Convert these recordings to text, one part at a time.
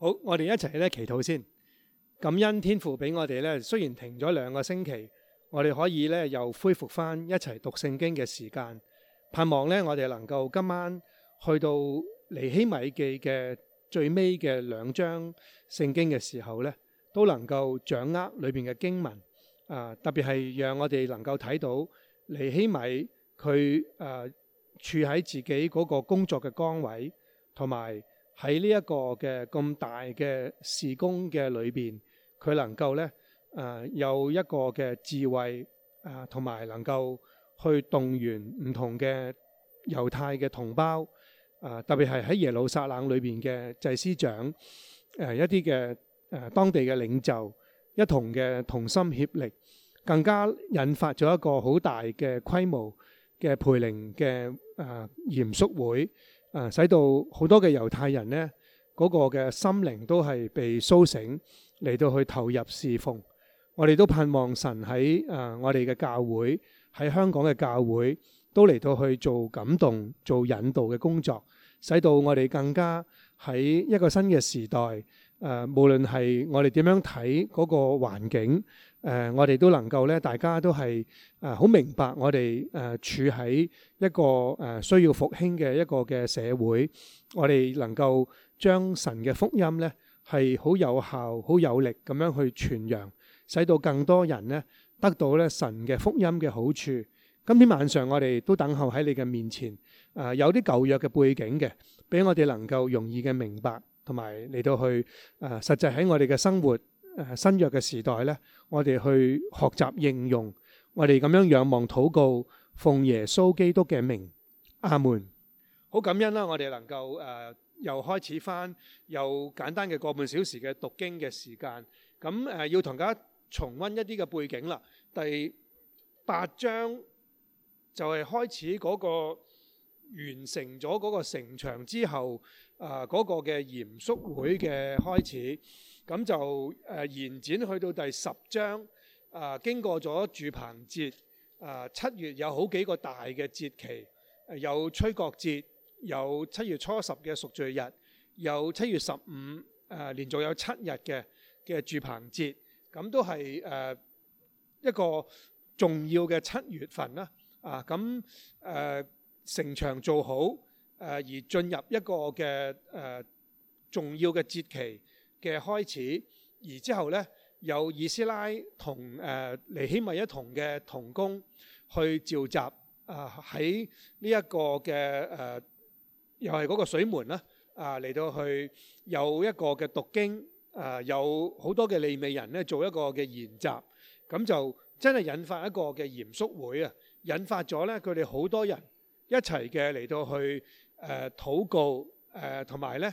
好，我哋一齊咧祈禱先。感恩天父俾我哋咧，雖然停咗兩個星期，我哋可以咧又恢復返一齊讀聖經嘅時間。盼望咧，我哋能夠今晚去到尼希米記嘅最尾嘅兩章聖經嘅時候咧，都能夠掌握裏邊嘅經文啊、呃，特別係讓我哋能夠睇到尼希米佢誒、呃、處喺自己嗰個工作嘅崗位同埋，喺呢一個嘅咁大嘅事工嘅裏邊，佢能夠呢誒、呃、有一個嘅智慧誒，同、呃、埋能夠去動員唔同嘅猶太嘅同胞誒、呃，特別係喺耶路撒冷裏邊嘅祭司長誒、呃、一啲嘅誒當地嘅領袖一同嘅同心協力，更加引發咗一個好大嘅規模嘅培靈嘅誒嚴肅會。啊！使到好多嘅猶太人呢，嗰、那個嘅心靈都係被蘇醒，嚟到去投入侍奉。我哋都盼望神喺啊、呃，我哋嘅教會喺香港嘅教會，都嚟到去做感動、做引導嘅工作，使到我哋更加喺一個新嘅時代。誒、呃，無論係我哋點樣睇嗰個環境。誒、呃，我哋都能夠咧，大家都係誒好明白我們，我哋誒處喺一個誒、呃、需要復興嘅一個嘅社會，我哋能夠將神嘅福音咧係好有效、好有力咁樣去傳揚，使到更多人咧得到咧神嘅福音嘅好處。今天晚上我哋都等候喺你嘅面前，誒、呃、有啲舊約嘅背景嘅，俾我哋能夠容易嘅明白，同埋嚟到去誒、呃、實際喺我哋嘅生活。誒新約嘅時代咧，我哋去學習應用，我哋咁樣仰望、禱告、奉耶穌基督嘅名，阿門。好感恩啦！我哋能夠誒、呃、又開始翻又簡單嘅個半小時嘅讀經嘅時間，咁誒、呃、要同大家重溫一啲嘅背景啦。第八章就係開始嗰個完成咗嗰個城牆之後啊，嗰、呃那個嘅嚴肅會嘅開始。咁就延展去到第十章，啊經過咗住棚節，啊七月有好幾個大嘅節期，有吹角節，有七月初十嘅贖罪日，有七月十五，誒、啊、連續有七日嘅嘅住棚節，咁、啊、都係誒、啊、一個重要嘅七月份啦，啊咁誒城牆做好，誒、啊、而進入一個嘅、啊、重要嘅節期。嘅開始，而之後呢，有以斯拉同誒、呃、尼希米一同嘅同工去召集啊喺呢一個嘅誒、呃，又係嗰個水門啦，啊嚟到去有一個嘅讀經啊、呃，有好多嘅利未人呢做一個嘅研習，咁就真係引發一個嘅嚴肅會啊，引發咗呢，佢哋好多人一齊嘅嚟到去誒禱、呃、告誒同埋呢。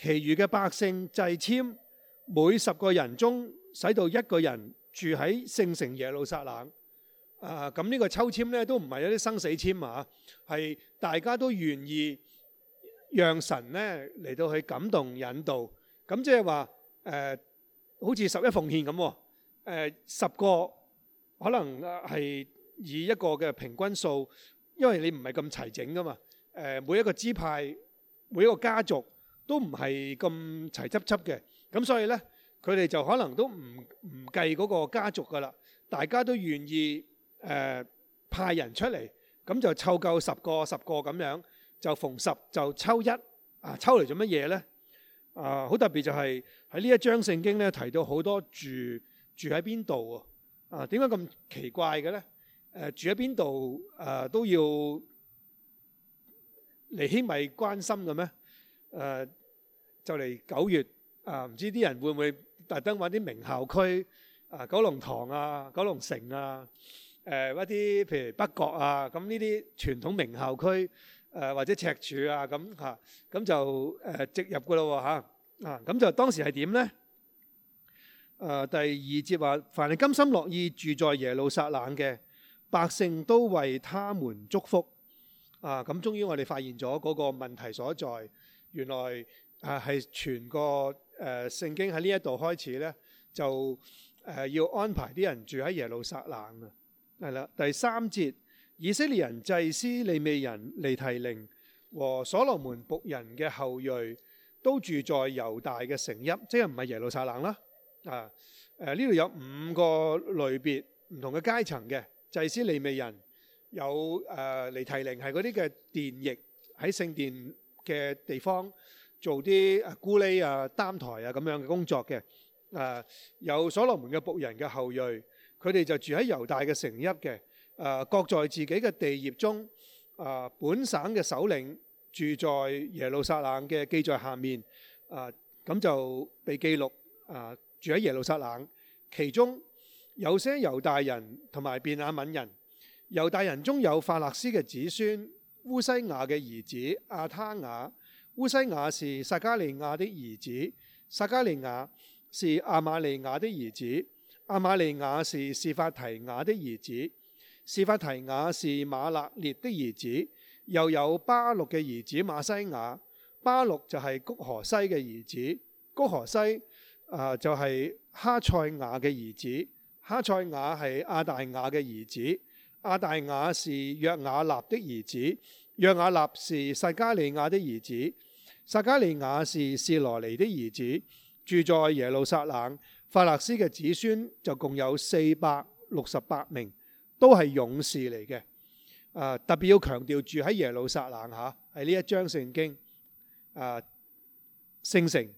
其餘嘅百姓祭籤，每十個人中使到一個人住喺聖城耶路撒冷。呃這個、啊，咁呢個抽籤咧都唔係一啲生死籤啊，係大家都願意讓神咧嚟到去感動引導。咁即係話誒，好似十一奉獻咁，誒、呃、十個可能係以一個嘅平均數，因為你唔係咁齊整噶嘛。誒、呃、每一個支派，每一個家族。都唔係咁齊執執嘅，咁所以咧，佢哋就可能都唔唔計嗰個家族噶啦，大家都願意、呃、派人出嚟，咁就湊夠十個十個咁樣，就逢十就抽一啊，抽嚟做乜嘢咧？啊，好特別就係喺呢一章聖經咧提到好多住住喺邊度啊？點解咁奇怪嘅咧、啊？住喺邊度都要嚟希米關心嘅咩？啊就嚟九月啊，唔知啲人會唔會特登搵啲名校區啊，九龍塘啊、九龍城啊，誒一啲譬如北角啊，咁呢啲傳統名校區誒或者赤柱啊，咁嚇咁就誒植入噶咯喎嚇啊！咁就當時係點咧？誒第二節話，凡係甘心樂意住在耶路撒冷嘅百姓，都為他們祝福啊！咁終於我哋發現咗嗰個問題所在，原來。啊，係全個誒聖、呃、經喺呢一度開始咧，就誒、呃、要安排啲人住喺耶路撒冷啊。係啦，第三節，以色列人祭司利未人尼提寧和所羅門僕人嘅後裔都住在猶大嘅城邑，即係唔係耶路撒冷啦？啊誒，呢、呃、度有五個類別唔同嘅階層嘅祭司利未人，有誒尼、呃、提寧係嗰啲嘅殿役喺聖殿嘅地方。做啲孤哩啊、擔台啊咁樣嘅工作嘅，啊有所羅門嘅僕人嘅後裔，佢哋就住喺猶大嘅城邑嘅，啊各在自己嘅地業中，啊本省嘅首領住在耶路撒冷嘅，記在下面，啊咁就被記錄，啊住喺耶路撒冷，其中有些猶大人同埋便雅敏人，猶大人中有法勒斯嘅子孫烏西亞嘅兒子亞他雅。烏西雅是撒加利亞的兒子，撒加利亞是阿瑪利亞的兒子，阿瑪利亞是示法提雅的兒子，示法提雅是瑪勒列的兒子，又有巴錄嘅兒子馬西雅，巴錄就係谷何西嘅兒子，谷何西啊就係哈塞雅嘅兒子，哈塞雅係亞大雅嘅兒子，亞大雅是約雅納的兒子，約雅納是撒加利亞的兒子。撒加利亞是示羅尼的兒子，住在耶路撒冷。法勒斯嘅子孫就共有四百六十八名，都係勇士嚟嘅。啊、呃，特別要強調住喺耶路撒冷吓，係呢一章聖經。啊，聖、呃、城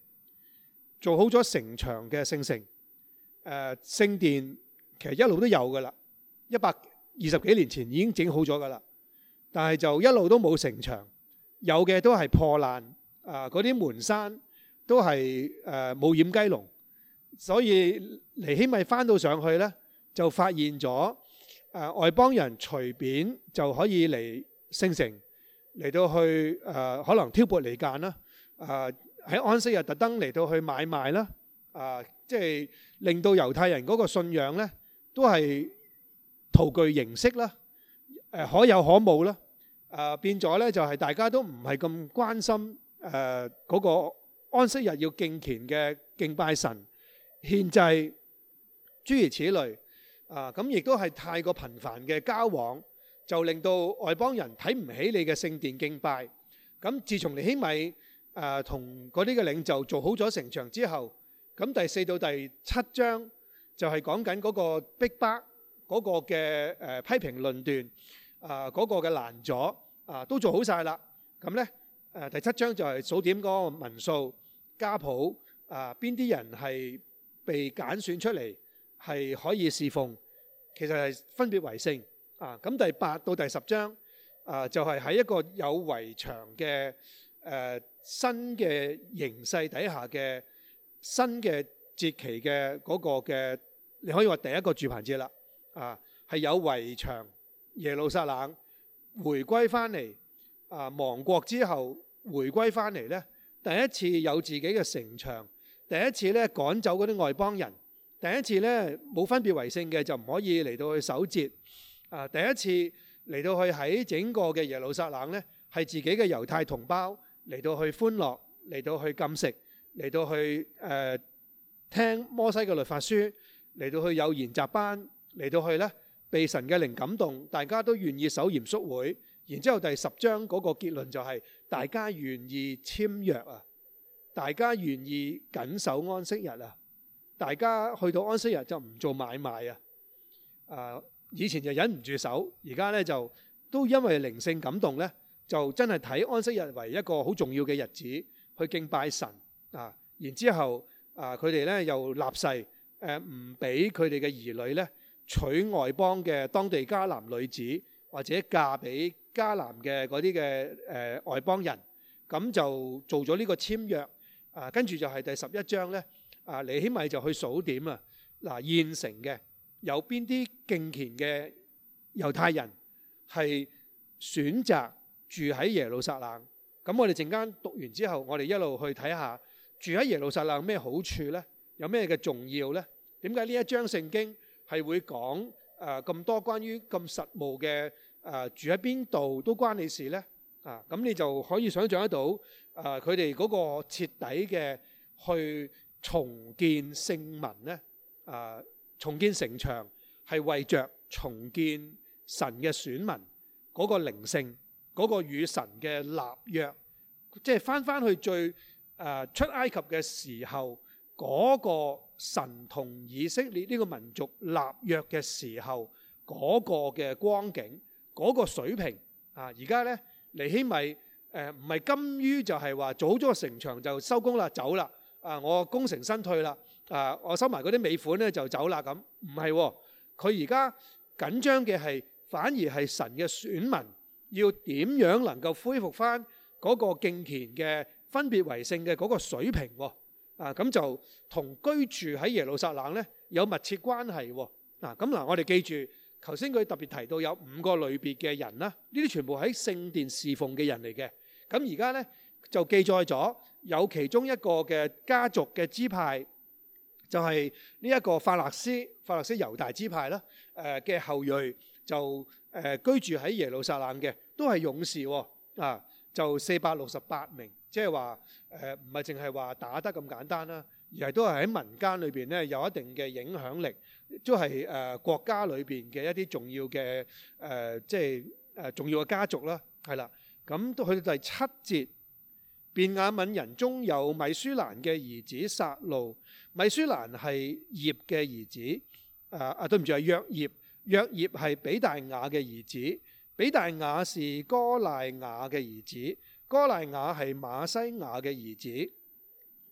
做好咗城牆嘅聖城，誒、呃、聖殿其實一路都有噶啦，一百二十幾年前已經整好咗噶啦，但係就一路都冇城牆，有嘅都係破爛。啊！嗰啲門山都係誒冇掩雞籠，所以尼希米翻到上去咧，就發現咗誒外邦人隨便就可以嚟聖城，嚟到去誒可能挑撥離間啦，誒喺安息日特登嚟到去買賣啦，啊！即係令到猶太人嗰個信仰咧都係徒具形式啦，誒可有可無啦，啊，變咗咧就係大家都唔係咁關心。誒嗰個安息日要敬虔嘅敬拜神獻祭，諸如此類啊！咁亦都係太過頻繁嘅交往，就令到外邦人睇唔起你嘅聖殿敬拜。咁自從尼希米誒同嗰啲嘅領袖做好咗城牆之後，咁第四到第七章就係講緊嗰個逼迫嗰個嘅誒批評論斷啊，嗰個嘅難阻啊都做好曬啦。咁咧？誒、啊、第七章就係數點嗰個民數家譜，啊邊啲人係被揀選，選出嚟係可以侍奉，其實係分別為聖啊。咁、嗯、第八到第十章啊，就係、是、喺一個有圍牆嘅誒、啊、新嘅形勢底下嘅新嘅節期嘅嗰個嘅，你可以話第一個住辦節啦。啊，係有圍牆耶路撒冷回歸返嚟啊，亡國之後。回歸翻嚟呢，第一次有自己嘅城牆，第一次呢趕走嗰啲外邦人，第一次呢冇分別為聖嘅就唔可以嚟到去守節啊！第一次嚟到去喺整個嘅耶路撒冷呢，係自己嘅猶太同胞嚟到去歡樂，嚟到去禁食，嚟到去誒、呃、聽摩西嘅律法書，嚟到去有研習班，嚟到去呢，被神嘅靈感動，大家都願意守嚴肅會。然之後第十章嗰個結論就係、是。大家願意簽約啊！大家願意緊守安息日啊！大家去到安息日就唔做買賣啊！啊，以前就忍唔住手，而家咧就都因為靈性感動咧，就真係睇安息日為一個好重要嘅日子去敬拜神啊。然之後啊，佢哋咧又立誓誒，唔俾佢哋嘅兒女咧娶外邦嘅當地迦南女子或者嫁俾。迦南嘅嗰啲嘅誒外邦人，咁就做咗呢個簽約啊，跟住就係第十一章咧啊，尼希米就去數點啊？嗱，現成嘅有邊啲敬虔嘅猶太人係選擇住喺耶路撒冷？咁我哋陣間讀完之後，我哋一路去睇下住喺耶路撒冷有咩好處咧？有咩嘅重要咧？點解呢一章聖經係會講誒咁多關於咁實務嘅？誒住喺邊度都關你事呢，啊咁你就可以想像得到，誒佢哋嗰個徹底嘅去重建聖民呢，誒重建城牆係為著重建神嘅選民嗰個靈性，嗰個與神嘅立約，即係返返去最誒出埃及嘅時候嗰個神同以色列呢個民族立約嘅時候嗰個嘅光景。嗰個水平啊，而家咧，尼希米誒唔係甘於就係話做好咗個城牆就收工啦，走啦啊，我功成身退啦啊，我收埋嗰啲尾款咧就走啦咁，唔係，佢而家緊張嘅係反而係神嘅選民要點樣能夠恢復翻嗰個敬虔嘅分別為聖嘅嗰個水平喎啊，咁就同居住喺耶路撒冷咧有密切關係喎嗱，咁嗱我哋記住。頭先佢特別提到有五個類別嘅人啦，呢啲全部喺聖殿侍奉嘅人嚟嘅。咁而家呢，就記載咗有其中一個嘅家族嘅支派，就係呢一個法勒斯，法勒斯猶大支派啦。誒嘅後裔就誒居住喺耶路撒冷嘅，都係勇士喎。啊，就四百六十八名，即係話誒唔係淨係話打得咁簡單啦。而係都係喺民間裏邊咧有一定嘅影響力，都係誒、呃、國家裏邊嘅一啲重要嘅誒、呃，即係誒、呃、重要嘅家族啦，係啦。咁到去到第七節，嗯、便雅敏人中有米舒蘭嘅兒子撒路，米舒蘭係葉嘅兒子，誒啊對唔住啊，約葉，約葉係比大雅嘅兒子，比大雅是哥賴雅嘅兒子，哥賴雅係馬西亞嘅兒子，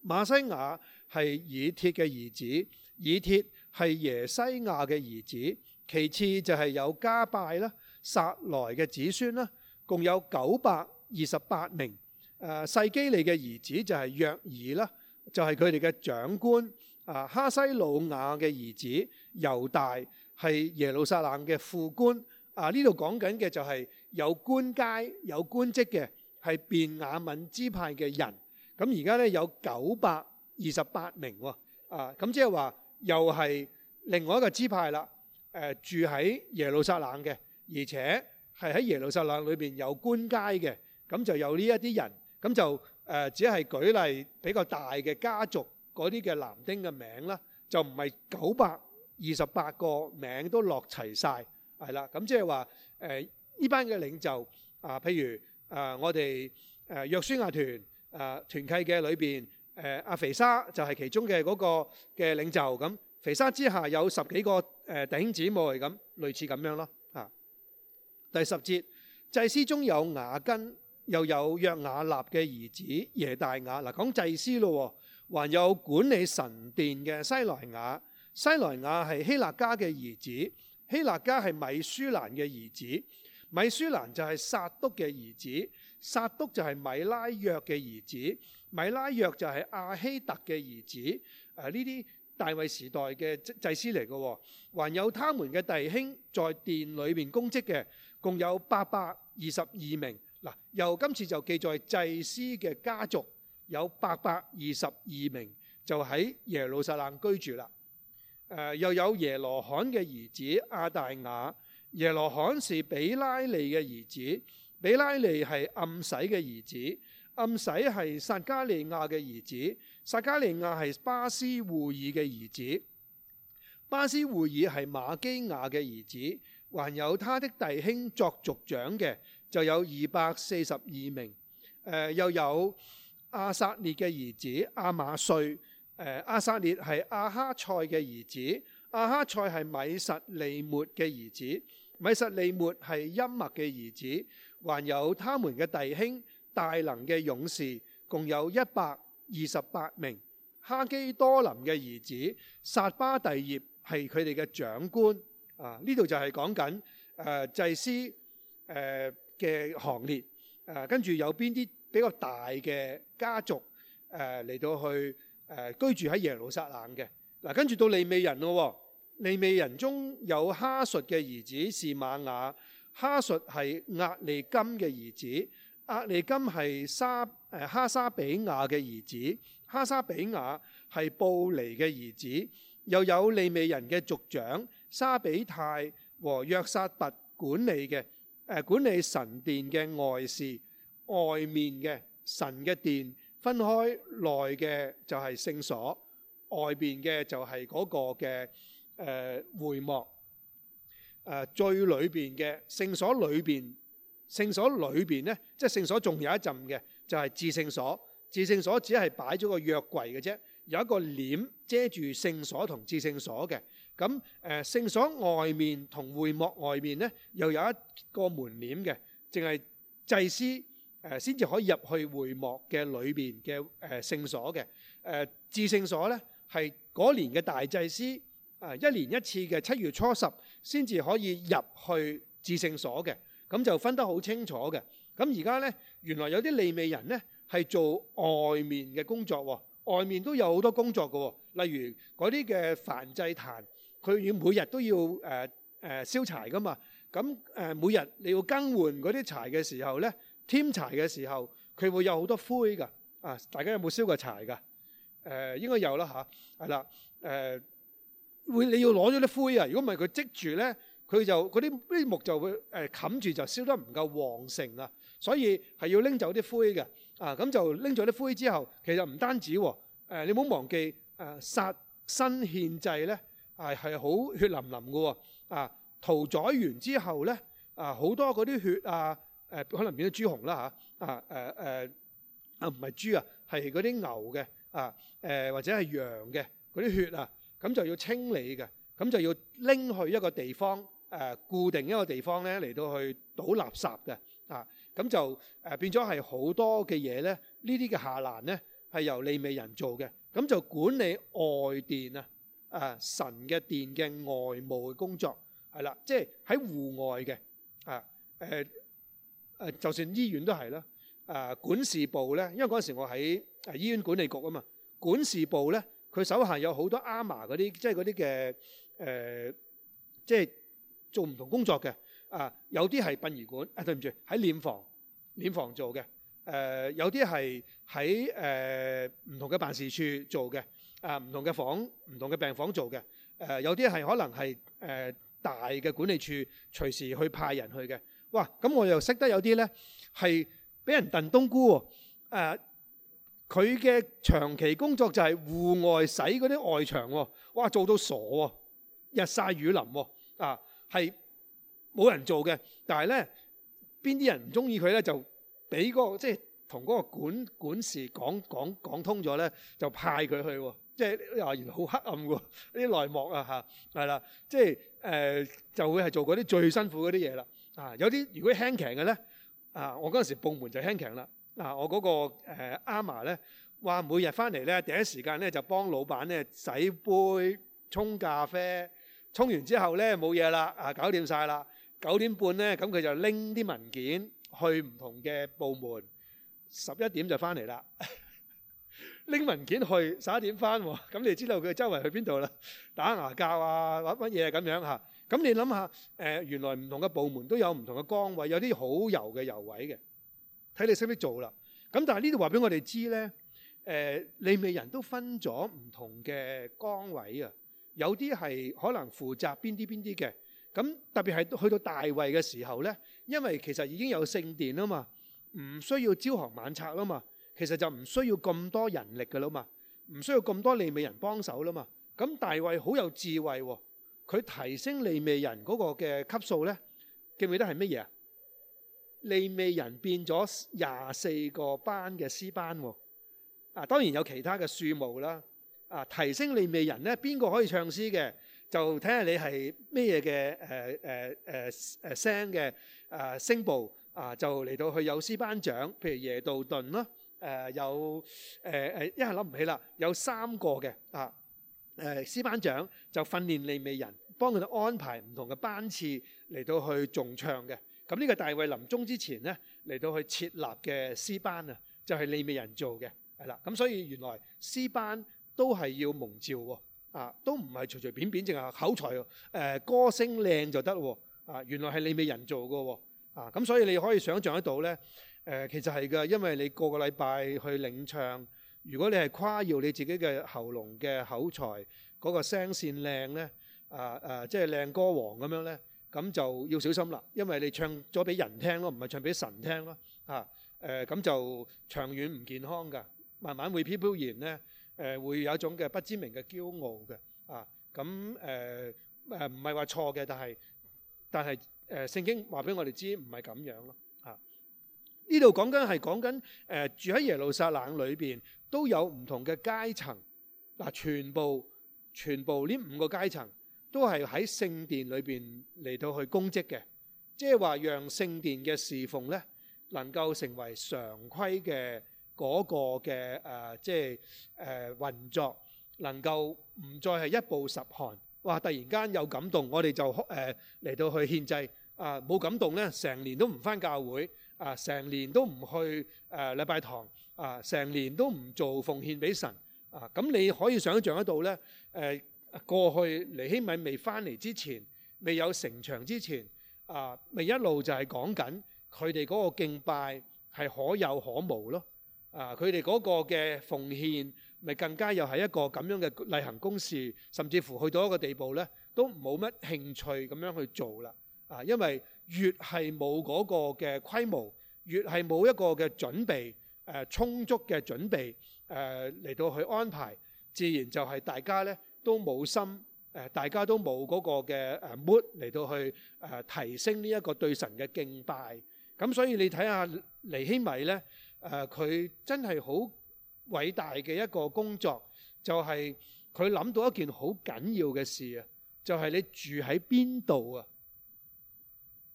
馬西亞。係以鐵嘅兒子，以鐵係耶西亞嘅兒子，其次就係有加拜啦、撒來嘅子孫啦，共有九百二十八名。誒、啊，細基利嘅兒子就係約珥啦，就係佢哋嘅長官。啊，哈西魯亞嘅兒子猶大係耶路撒冷嘅副官。啊，呢度講緊嘅就係有官階、有官職嘅係便雅敏支派嘅人。咁而家咧有九百二十八名喎，啊，咁即係話又係另外一個支派啦，誒住喺耶路撒冷嘅，而且係喺耶路撒冷裏邊有官階嘅，咁就有呢一啲人，咁就誒只係舉例比較大嘅家族嗰啲嘅男丁嘅名啦，就唔係九百二十八個名都落齊晒，係啦，咁即係話誒呢班嘅領袖啊，譬如啊我哋誒約書亞團啊團契嘅裏邊。誒阿、啊、肥沙就係其中嘅嗰、那個嘅領袖咁，肥沙之下有十幾個誒、呃、弟兄姊妹咁，類似咁樣咯嚇、啊。第十節祭司中有雅斤，又有約雅立嘅兒子耶大雅。嗱，講祭司咯，還有管理神殿嘅西萊雅。西萊雅係希勒家嘅兒子，希勒家係米書蘭嘅兒子，米書蘭就係撒督嘅兒子，撒督就係米拉約嘅兒子。米拉約就係阿希特嘅兒子，誒呢啲大衛時代嘅祭司嚟嘅，還有他們嘅弟兄在殿裏面供職嘅，共有八百二十二名。嗱、啊，由今次就記載祭司嘅家族有八百二十二名就喺耶路撒冷居住啦。誒、啊、又有耶羅罕嘅兒子亞大雅，耶羅罕是比拉利嘅兒子，比拉利係暗使嘅兒子。暗使係撒加利亞嘅兒子，撒加利亞係巴斯胡爾嘅兒子，巴斯胡爾係馬基雅嘅兒子，還有他的弟兄作族長嘅就有二百四十二名。誒、呃、又有阿撒列嘅兒子阿馬瑞。阿撒列係阿哈塞嘅兒子，阿哈塞係米實利末嘅兒子，米實利末係音麥嘅兒子，還有他們嘅弟兄。大能嘅勇士共有一百二十八名，哈基多林嘅兒子撒巴第葉係佢哋嘅長官啊！呢度就係講緊誒祭司誒嘅，呃、行列誒，跟，啊，住有邊啲比較大嘅家族誒嚟，呃、到去誒，呃、居住喺耶路撒冷嘅嗱，跟，啊，住到利未人咯，啊，利未人中有哈述嘅兒子是瑪雅，哈述係亞利金嘅兒子。阿利金係沙、誒哈沙比亞嘅兒子，哈沙比亞係布尼嘅兒子。又有利未人嘅族長沙比泰和約撒拔管理嘅，誒管理神殿嘅外事，外面嘅神嘅殿，分開內嘅就係聖所，外邊嘅就係嗰個嘅誒會幕，誒最裏邊嘅聖所裏邊。聖所裏邊咧，即係聖所仲有一陣嘅，就係至聖所。至聖所只係擺咗個約櫃嘅啫，有一個簾遮住聖所同至聖所嘅。咁誒聖所外面同會幕外面咧，又有一個門簾嘅，淨係祭司誒先至可以入去會幕嘅裏邊嘅誒聖所嘅。誒至聖所咧係嗰年嘅大祭司誒一年一次嘅七月初十先至可以入去至聖所嘅。咁就分得好清楚嘅。咁而家呢，原來有啲利未人呢係做外面嘅工作喎、哦。外面都有好多工作嘅、哦，例如嗰啲嘅燔祭壇，佢要每日都要誒誒燒柴㗎嘛。咁誒每日你要更換嗰啲柴嘅時候呢，添柴嘅時候，佢會有好多灰㗎。啊，大家有冇燒過柴㗎？誒、呃、應該有啦嚇。係啦，誒會你要攞咗啲灰啊。如果唔係佢積住呢。佢就嗰啲啲木就會誒、呃、冚住，就燒得唔夠旺盛啊！所以係要拎走啲灰嘅啊！咁就拎咗啲灰之後，其實唔單止誒、啊，你唔好忘記誒殺身獻祭咧，係係好血淋淋嘅啊！屠宰完之後咧，啊好多嗰啲血啊誒、啊，可能變咗豬紅啦吓，啊誒誒啊唔係豬啊，係嗰啲牛嘅啊誒、啊啊、或者係羊嘅嗰啲血啊，咁就要清理嘅，咁就要拎去一個地方。誒固定一個地方咧，嚟到去倒垃圾嘅啊，咁就誒變咗係好多嘅嘢咧。呢啲嘅下欄咧係由利未人做嘅，咁就管理外殿啊，誒神嘅殿嘅外務嘅工作係啦，即係喺戶外嘅啊誒誒，就算醫院都係啦。誒管事部咧，因為嗰陣時我喺誒醫院管理局啊嘛，管事部咧佢手下有好多阿麻嗰啲，即係嗰啲嘅誒，即係。做唔同工作嘅啊，有啲係殯儀館，誒對唔住，喺殮房殮房做嘅，誒有啲係喺誒唔同嘅辦事處做嘅，啊唔同嘅房唔同嘅病房做嘅，誒、啊、有啲係可能係誒、呃、大嘅管理處隨時去派人去嘅，哇！咁我又識得有啲咧係俾人燉冬菇，誒佢嘅長期工作就係戶外洗嗰啲外牆喎，哇，做到傻喎，日曬雨淋喎，啊！係冇人做嘅，但係咧邊啲人唔中意佢咧，就俾嗰、嗰個即係同嗰個管管事講講講通咗咧，就派佢去喎。即係啊，原來好黑暗喎，呢啲內幕啊嚇係啦。即係誒、呃、就會係做嗰啲最辛苦嗰啲嘢啦。啊，有啲如果輕強嘅咧啊，我嗰陣時部門就輕強啦。啊，我嗰個誒阿嫲咧話，每日翻嚟咧第一時間咧就幫老闆咧洗杯、沖咖啡。沖完之後咧冇嘢啦，啊，搞掂曬啦！九點半咧，咁佢就拎啲文件去唔同嘅部門，十一點就翻嚟啦。拎文件去十一點翻，咁你知唔知道佢周圍去邊度啦？打牙膠啊，玩乜嘢啊咁樣嚇？咁你諗下，誒原來唔同嘅部門都有唔同嘅崗位，有啲好油嘅油位嘅，睇你識唔識做啦。咁但係呢度話俾我哋知咧，誒你咪人都分咗唔同嘅崗位啊。有啲係可能負責邊啲邊啲嘅，咁特別係去到大衞嘅時候呢，因為其實已經有聖殿啦嘛，唔需要朝行晚拆啦嘛，其實就唔需要咁多人力噶啦嘛，唔需要咁多利未人幫手啦嘛。咁大衞好有智慧喎，佢提升利未人嗰個嘅級數呢，記唔記得係乜嘢啊？利未人變咗廿四個班嘅詩班喎，啊當然有其他嘅數目啦。啊！提升利未人咧，邊個可以唱詩嘅？就睇下你係咩嘢嘅誒誒誒誒聲嘅啊聲部啊，就嚟到去有詩班長，譬如耶杜頓啦，誒、呃、有誒誒、呃呃，一係諗唔起啦，有三個嘅啊誒詩、呃、班長就訓練利未人，幫佢哋安排唔同嘅班次嚟到去重唱嘅。咁呢個大衛臨終之前咧，嚟到去設立嘅詩班啊，就係、是、利未人做嘅，係啦。咁所以原來詩班。都係要蒙召喎、啊，啊，都唔係隨隨便便，淨係口才、啊，誒、呃，歌聲靚就得喎、啊，啊，原來係你未人做嘅喎、啊，啊，咁所以你可以想象得到咧，誒、啊，其實係嘅，因為你個個禮拜去領唱，如果你係誇耀你自己嘅喉嚨嘅口才，嗰、那個聲線靚咧，啊啊，即係靚歌王咁樣咧，咁就要小心啦，因為你唱咗俾人聽咯、啊，唔係唱俾神聽咯、啊，啊，誒、啊，咁就長遠唔健康㗎，慢慢會飄飄然咧。誒，會有一種嘅不知名嘅驕傲嘅，啊，咁誒誒，唔係話錯嘅，但係但係，誒聖經話俾我哋知唔係咁樣咯，啊，呢度講緊係講緊誒，住喺耶路撒冷裏邊都有唔同嘅階層，嗱，全部全部呢五個階層都係喺聖殿裏邊嚟到去供職嘅，即係話讓聖殿嘅侍奉咧能夠成為常規嘅。嗰個嘅誒，即係誒運作能夠唔再係一暴十寒，哇！突然間有感動，我哋就誒嚟到去獻祭啊，冇感動咧，成年都唔翻教會啊，成年都唔去誒禮拜堂啊，成年都唔做奉獻俾神啊。咁你可以想像得到咧，誒過去尼希米未翻嚟之前，未有城牆之前啊，咪一路就係講緊佢哋嗰個敬拜係可有可無咯。啊！佢哋嗰個嘅奉獻，咪更加又係一個咁樣嘅例行公事，甚至乎去到一個地步呢，都冇乜興趣咁樣去做啦。啊，因為越係冇嗰個嘅規模，越係冇一個嘅準備，誒充足嘅準備，誒嚟到去安排，自然就係大家呢都冇心，誒大家都冇嗰個嘅誒 mood 嚟到去誒提升呢一個對神嘅敬拜。咁所以你睇下尼希米呢。誒佢、呃、真係好偉大嘅一個工作，就係佢諗到一件好緊要嘅事啊！就係你住喺邊度啊？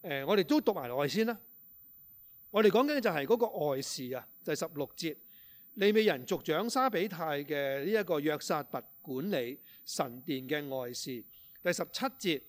呃、我哋都讀埋落去先啦。我哋講緊嘅就係嗰個外事啊，第十六節利未人族長沙比泰嘅呢一個約撒拔管理神殿嘅外事。第十七節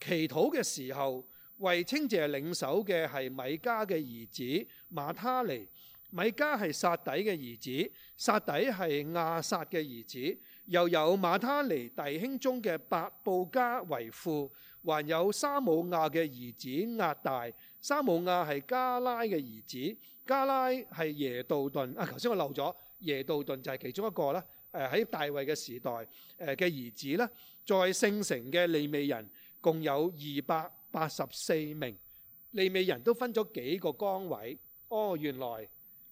祈禱嘅時候，為清謝領首嘅係米加嘅兒子馬他尼。米加係撒底嘅兒子，撒底係亞薩嘅兒子，又有馬他尼弟兄中嘅八布加為父，還有沙姆亞嘅兒子亞大，沙姆亞係加拉嘅兒子，加拉係耶杜頓啊！頭先我漏咗耶杜頓就係其中一個啦。誒喺大衛嘅時代誒嘅兒子咧，在聖城嘅利未人共有二百八十四名，利未人都分咗幾個崗位。哦，原來。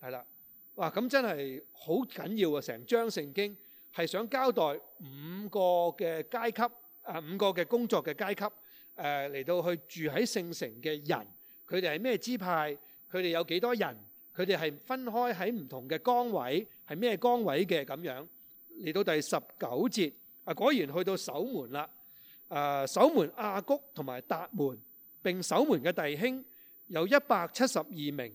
係啦，哇！咁真係好緊要啊！成章聖經係想交代五個嘅階級，啊五個嘅工作嘅階級，誒嚟到去住喺聖城嘅人，佢哋係咩支派，佢哋有幾多人，佢哋係分開喺唔同嘅崗位，係咩崗位嘅咁樣。嚟到第十九節，啊果然去到守門啦，誒守門亞谷同埋達門並守門嘅弟兄有一百七十二名。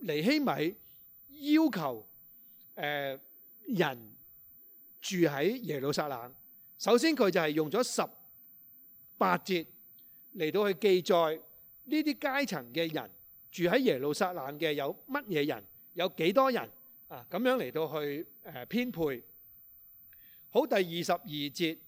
尼希米要求誒人住喺耶路撒冷。首先佢就係用咗十八節嚟到去記載呢啲階層嘅人住喺耶路撒冷嘅有乜嘢人，有幾多人啊？咁樣嚟到去誒編配。好，第二十二節，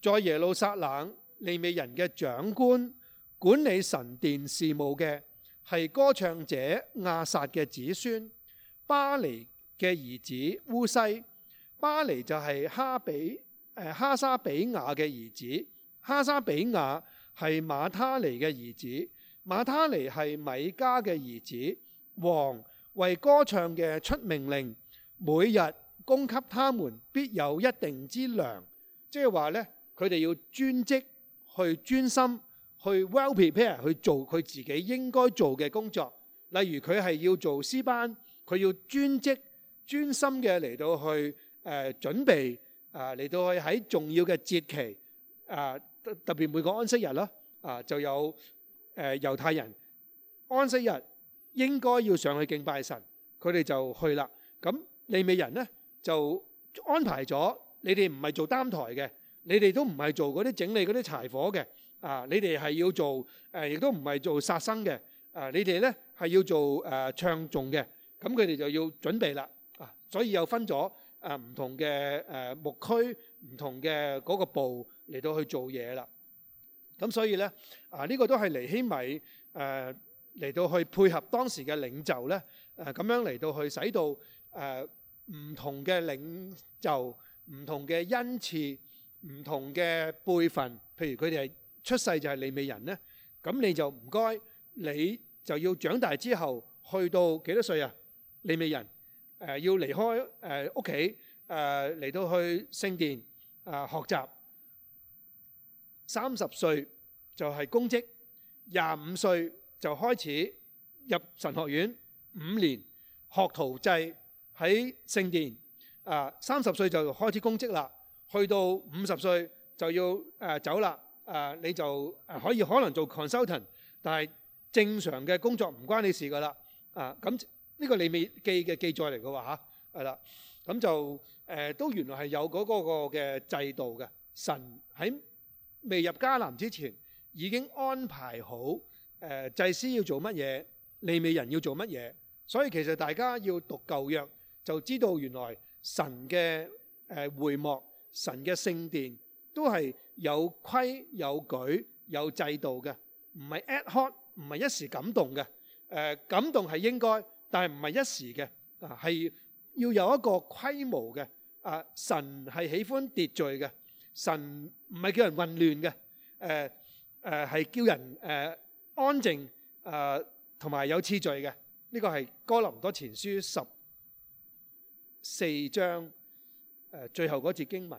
在耶路撒冷利未人嘅長官管理神殿事務嘅。係歌唱者亞薩嘅子孫，巴尼嘅兒子烏西，巴尼就係哈比，誒哈沙比亞嘅兒子，哈沙比亞係馬他尼嘅兒子，馬他尼係米加嘅兒子。王為歌唱嘅出命令，每日供給他們必有一定之糧，即係話呢，佢哋要專職去專心。去 well prepare 去做佢自己應該做嘅工作，例如佢係要做詩班，佢要專職專心嘅嚟到去誒準備啊，嚟到去喺重要嘅節期啊，特別每個安息日啦啊，就有誒猶太人安息日應該要上去敬拜神，佢哋就去啦。咁利未人咧就安排咗，你哋唔係做擔台嘅，你哋都唔係做嗰啲整理嗰啲柴火嘅。啊！你哋係要做誒，亦都唔係做殺牲嘅。啊！你哋呢係要做誒唱頌嘅，咁佢哋就要準備啦。啊！所以又分咗誒唔同嘅誒牧區、唔同嘅嗰個部嚟到去做嘢啦。咁所以呢，啊呢個都係尼希米誒嚟到去配合當時嘅領袖呢，誒咁樣嚟到去使到誒唔同嘅領袖、唔同嘅恩賜、唔同嘅輩份，譬如佢哋係出世就係利未人咧，咁你就唔該，你就要長大之後去到幾多歲啊？利未人誒要離開誒屋企誒嚟到去聖殿誒學習，三十歲就係公職，廿五歲就開始入神學院五年學徒制喺聖殿啊，三十歲就開始公職啦，去到五十歲就要誒走啦。誒你就誒可以可能做 consultant，但係正常嘅工作唔關你事噶啦。啊，咁呢個利未記嘅記載嚟嘅喎嚇，係啦。咁就誒都原來係有嗰個個嘅制度嘅。神喺未入迦南之前已經安排好誒祭司要做乜嘢，利未人要做乜嘢。所以其實大家要讀舊約就知道原來神嘅誒會幕，神嘅聖殿，都係有規有矩有制度嘅，唔係 ad hoc，唔係一時感動嘅。誒，感動係應該，但係唔係一時嘅，係要有一個規模嘅。啊，神係喜歡秩序嘅，神唔係叫人混亂嘅。誒誒，係叫人誒安靜誒，同埋有次序嘅。呢個係哥林多前書十四章誒最後嗰節經文。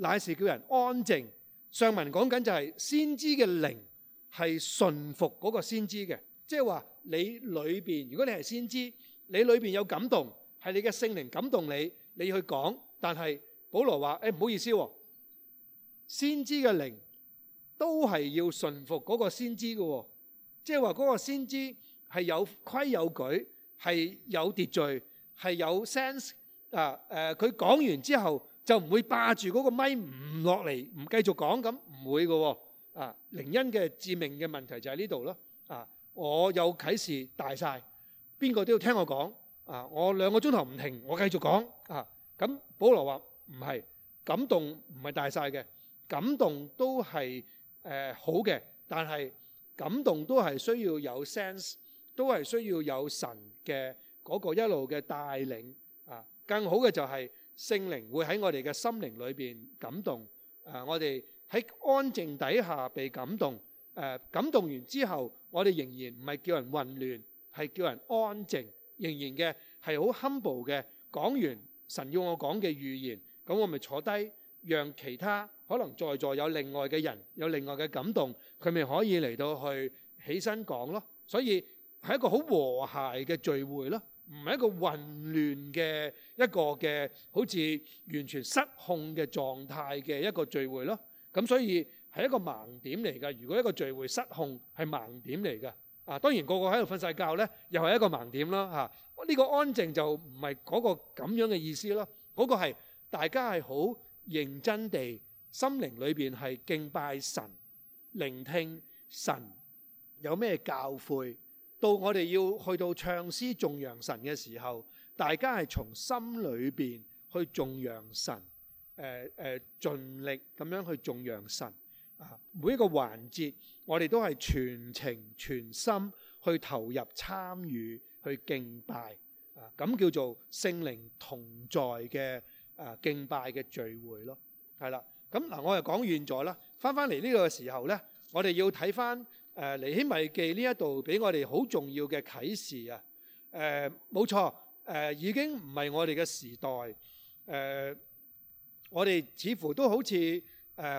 乃是叫人安靜。上文講緊就係先知嘅靈係順服嗰個先知嘅，即係話你裏邊，如果你係先知，你裏邊有感動，係你嘅聖靈感動你，你要去講。但係保羅話：誒唔好意思，先知嘅靈都係要順服嗰個先知嘅，即係話嗰個先知係有規有矩，係有秩序，係有 sense 啊。誒，佢講完之後，就唔會霸住嗰個咪唔落嚟，唔繼續講，咁唔會嘅喎。啊，靈恩嘅致命嘅問題就喺呢度咯。啊，我有啟示大曬，邊個都要聽我講。啊，我兩個鐘頭唔停，我繼續講。啊，咁保羅話唔係，感動唔係大曬嘅，感動都係誒好嘅，但係感動都係需要有 sense，都係需要有神嘅嗰個一路嘅帶領。啊，更好嘅就係。聖靈會喺我哋嘅心靈裏邊感動，誒我哋喺安靜底下被感動，誒感動完之後，我哋仍然唔係叫人混亂，係叫人安靜，仍然嘅係好 humble 嘅。講完神要我講嘅預言，咁我咪坐低，讓其他可能在座有另外嘅人有另外嘅感動，佢咪可以嚟到去起身講咯。所以係一個好和諧嘅聚會咯。唔係一個混亂嘅一個嘅，好似完全失控嘅狀態嘅一個聚會咯。咁所以係一個盲點嚟㗎。如果一個聚會失控係盲點嚟㗎。啊，當然個個喺度瞓晒覺呢，又係一個盲點啦。嚇，呢個安靜就唔係嗰個咁樣嘅意思咯。嗰個係大家係好認真地，心靈裏邊係敬拜神、聆聽神有咩教訓。到我哋要去到唱詩頌揚神嘅時候，大家係從心裏邊去頌揚神，誒、呃、誒、呃、盡力咁樣去頌揚神啊！每一個環節，我哋都係全情全心去投入參與去敬拜啊！咁叫做聖靈同在嘅啊敬拜嘅聚會咯，係啦。咁嗱，我係講遠咗啦，翻翻嚟呢個時候呢，我哋要睇翻。誒、啊《尼希米記》呢一度俾我哋好重要嘅啟示啊！誒、啊、冇錯，誒、啊、已經唔係我哋嘅時代，誒、啊、我哋似乎都好似誒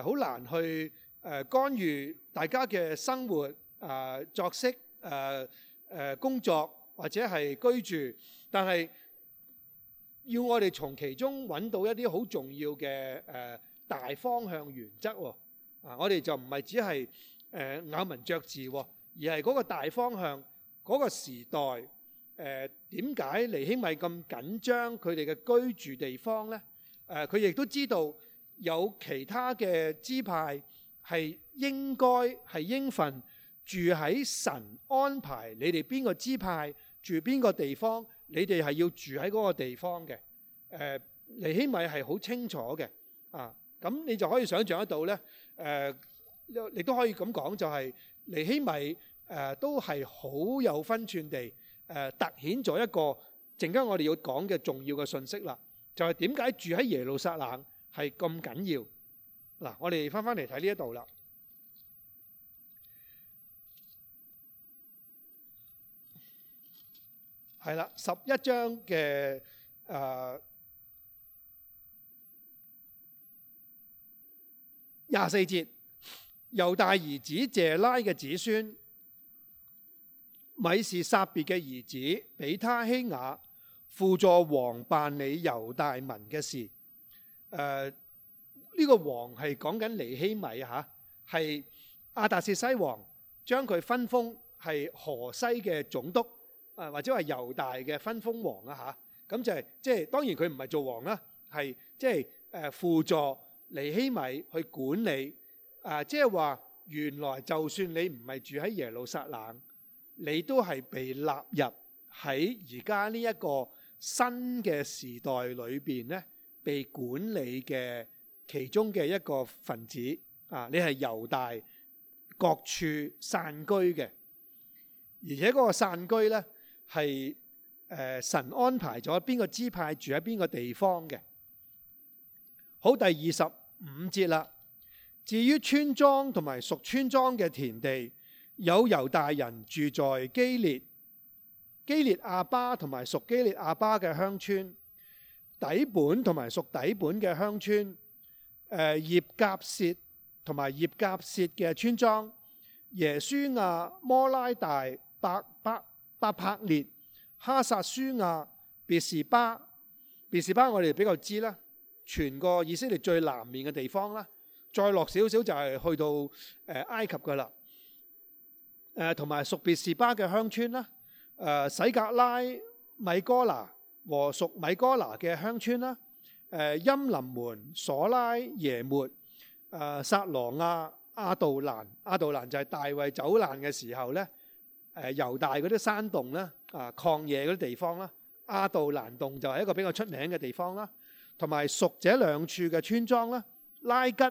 好難去誒、啊、干預大家嘅生活啊、作息誒誒、啊啊、工作或者係居住，但係要我哋從其中揾到一啲好重要嘅誒、啊、大方向原則喎啊、啊！我哋就唔係只係。誒咬文嚼字喎，而係嗰個大方向，嗰、那個時代，誒點解尼希米咁緊張佢哋嘅居住地方呢？誒佢亦都知道有其他嘅支派係應該係應份住喺神安排你哋邊個支派住邊個地方，你哋係要住喺嗰個地方嘅。誒、呃、尼希米係好清楚嘅啊，咁你就可以想像得到呢。誒、呃。亦亦都可以咁講，就係尼希米誒都係好有分寸地誒突顯咗一個陣間我哋要講嘅重要嘅信息啦，就係點解住喺耶路撒冷係咁緊要？嗱，我哋翻翻嚟睇呢一度啦，係啦，十一章嘅誒廿四節。猶大兒子謝拉嘅子孫米示薩別嘅兒子毗他希雅輔助王辦理猶大民嘅事。誒、呃，呢、這個王係講緊尼希米吓，係亞達薛西王將佢分封係河西嘅總督，誒或者話猶大嘅分封王啊吓。咁就係即係，當然佢唔係做王啦，係即係誒輔助尼希米去管理。啊，即係話，原來就算你唔係住喺耶路撒冷，你都係被納入喺而家呢一個新嘅時代裏邊呢，被管理嘅其中嘅一個分子。啊，你係猶大各處散居嘅，而且嗰個散居呢係誒神安排咗邊個支派住喺邊個地方嘅。好，第二十五節啦。至於村莊同埋屬村莊嘅田地，有猶大人住在基列、基列亞巴同埋屬基列亞巴嘅鄉村、底本同埋屬底本嘅鄉村、誒葉甲薛同埋葉甲薛嘅村莊、耶書亞、摩拉大、伯伯伯帕列、哈薩書亞、別是巴、別是巴，我哋比較知啦，全個以色列最南面嘅地方啦。再落少少就係去到誒埃及嘅啦，誒同埋屬別是巴嘅鄉村啦，誒洗革拉、米哥拿和屬米哥拿嘅鄉村啦，誒音臨門、瑣拉、耶末、誒撒挪亞、亞杜蘭，亞杜蘭就係大衛走難嘅時候咧，誒猶大嗰啲山洞啦，啊，曠野嗰啲地方啦，亞杜蘭洞就係一個比較出名嘅地方啦，同埋屬這兩處嘅村莊啦，拉吉。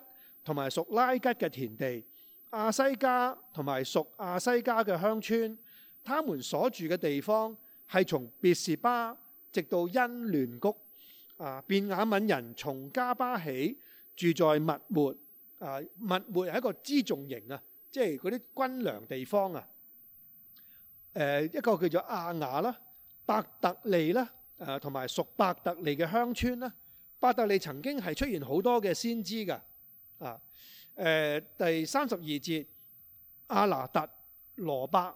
同埋屬拉吉嘅田地，亞西加同埋屬亞西加嘅鄉村，他們所住嘅地方係從別士巴直到恩聯谷。啊，便雅敏人從加巴起住在密末。啊，密末係一個輜重營，啊，即係嗰啲軍糧地方啊。誒、啊，一個叫做亞雅啦，伯特利啦，誒同埋屬伯特利嘅鄉村啦。伯特利曾經係出現好多嘅先知㗎。啊！呃、第三十二節：阿、啊、拿達、羅伯、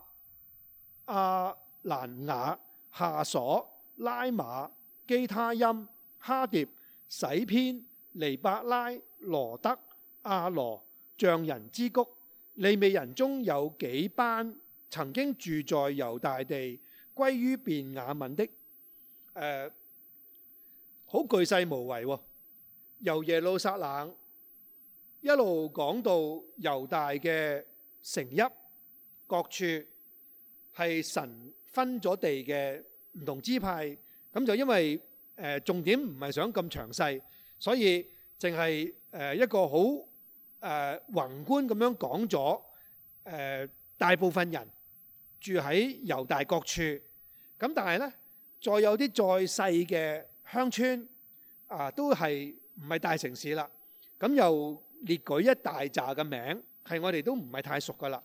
阿蘭雅、夏索、拉馬、基他音、哈蝶、洗編、尼伯拉、羅德、阿羅、匠人之谷，利未人中有幾班曾經住在猶大地，歸於便雅憫的呃，好巨細無遺，由耶路撒冷。一路講到猶大嘅城邑各處，係神分咗地嘅唔同支派。咁就因為誒重點唔係想咁詳細，所以淨係誒一個好誒宏觀咁樣講咗誒大部分人住喺猶大各處。咁但係咧，再有啲再細嘅鄉村啊，都係唔係大城市啦。咁又。列舉一大扎嘅名，係我哋都唔係太熟噶啦。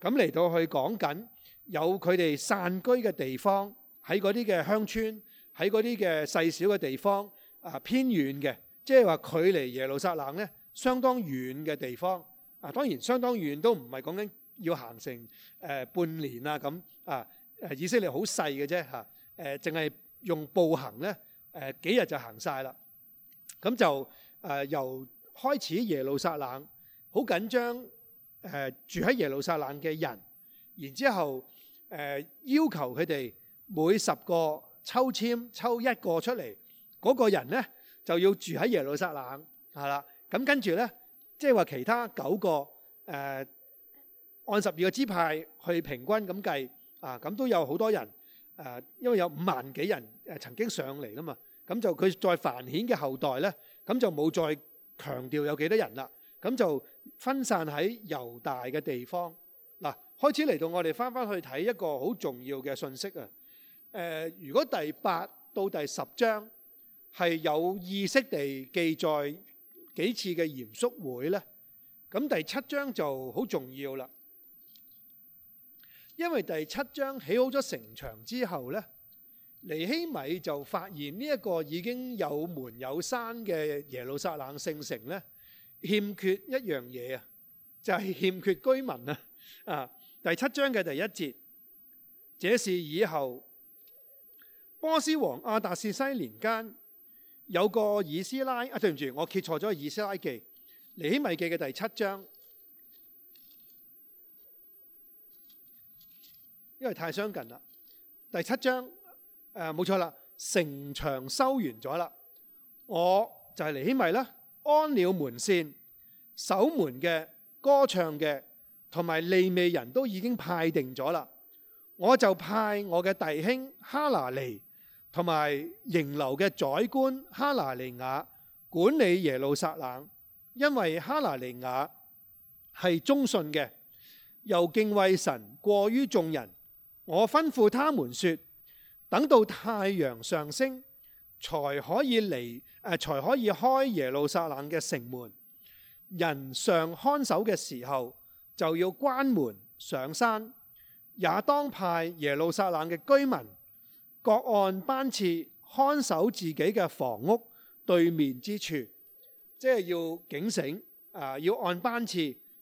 咁嚟到去講緊，有佢哋散居嘅地方，喺嗰啲嘅鄉村，喺嗰啲嘅細小嘅地方，啊偏遠嘅，即係話距離耶路撒冷咧，相當遠嘅地方。啊，當然相當遠都唔係講緊要行成誒半年啊咁啊。誒以色列好細嘅啫嚇，誒淨係用步行咧，誒幾日就行晒啦。咁就誒由，開始耶路撒冷好緊張，誒住喺耶路撒冷嘅人，然之後誒要求佢哋每十個抽籤抽一個出嚟，嗰個人咧就要住喺耶路撒冷，係啦。咁跟住咧，即係話其他九個誒按十二個支派去平均咁計，啊咁都有好多人誒，因為有五萬幾人誒曾經上嚟吖嘛，咁就佢再繁衍嘅後代咧，咁就冇再。強調有幾多人啦，咁就分散喺猶大嘅地方。嗱，開始嚟到我哋翻翻去睇一個好重要嘅信息啊。誒，如果第八到第十章係有意識地記載幾次嘅嚴肅會咧，咁第七章就好重要啦。因為第七章起好咗城牆之後咧，尼希米就發現呢一個已經有門有山嘅耶路撒冷聖城咧，欠缺一樣嘢啊，就係欠缺居民啊！啊，第七章嘅第一節，這是以後波斯王亞達薛西年間有個以斯拉啊，對唔住，我揭錯咗《以斯拉記》，尼希米記嘅第七章，因為太相近啦，第七章。誒冇錯啦，城牆修完咗啦，我就係尼希米啦，安了門扇，守門嘅歌唱嘅同埋利未人都已經派定咗啦，我就派我嘅弟兄哈拿尼同埋營樓嘅宰官哈拿尼雅管理耶路撒冷，因為哈拿尼雅係忠信嘅，又敬畏神過於眾人，我吩咐他們說。等到太陽上升，才可以嚟誒，才可以開耶路撒冷嘅城門。人上看守嘅時候，就要關門上山，也當派耶路撒冷嘅居民各按班次看守自己嘅房屋對面之處，即係要警醒啊！要按班次，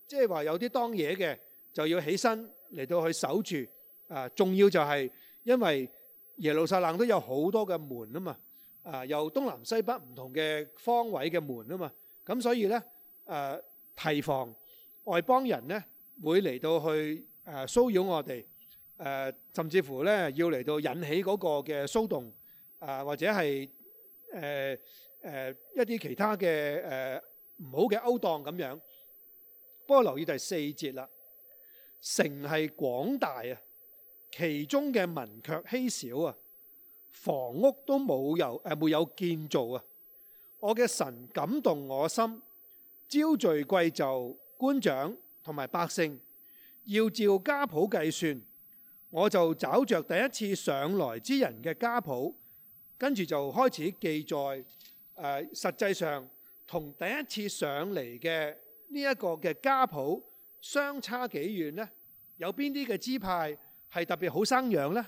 即係話有啲當夜嘅就要起身嚟到去守住。啊，重要就係因為。耶路撒冷都有好多嘅門啊嘛，啊由東南西北唔同嘅方位嘅門啊嘛，咁所以咧誒提防外邦人咧會嚟到去誒騷擾我哋誒，甚至乎咧要嚟到引起嗰個嘅騷動啊，或者係誒誒一啲其他嘅誒唔好嘅勾當咁樣。不過留意第四節啦，城係廣大啊。其中嘅民卻稀少啊，房屋都冇有，有，沒有建造啊。我嘅神感動我心，招聚貴就官長同埋百姓，要照家譜計算。我就找着第一次上來之人嘅家譜，跟住就開始記載。誒、呃，實際上同第一次上嚟嘅呢一個嘅家譜相差幾遠呢？有邊啲嘅支派？係特別好生養呢？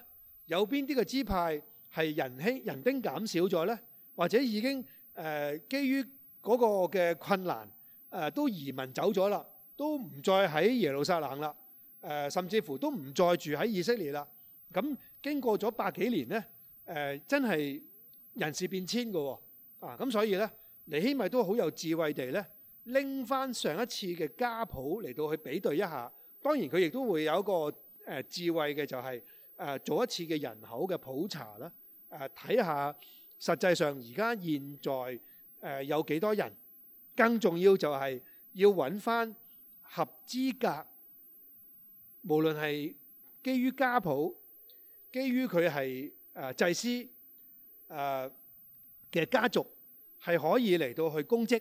有邊啲嘅支派係人稀，人丁減少咗呢？或者已經誒基於嗰個嘅困難誒都移民走咗啦，都唔再喺耶路撒冷啦，誒甚至乎都唔再住喺以色列啦。咁經過咗百幾年呢，誒真係人事變遷嘅喎啊！咁所以呢，尼希米都好有智慧地呢，拎翻上一次嘅家譜嚟到去比對一下。當然佢亦都會有一個。誒智慧嘅就係誒做一次嘅人口嘅普查啦，誒睇下實際上而家現在誒有幾多人？更重要就係要揾翻合資格，無論係基於家譜、基於佢係誒祭司誒嘅家族，係可以嚟到去公職。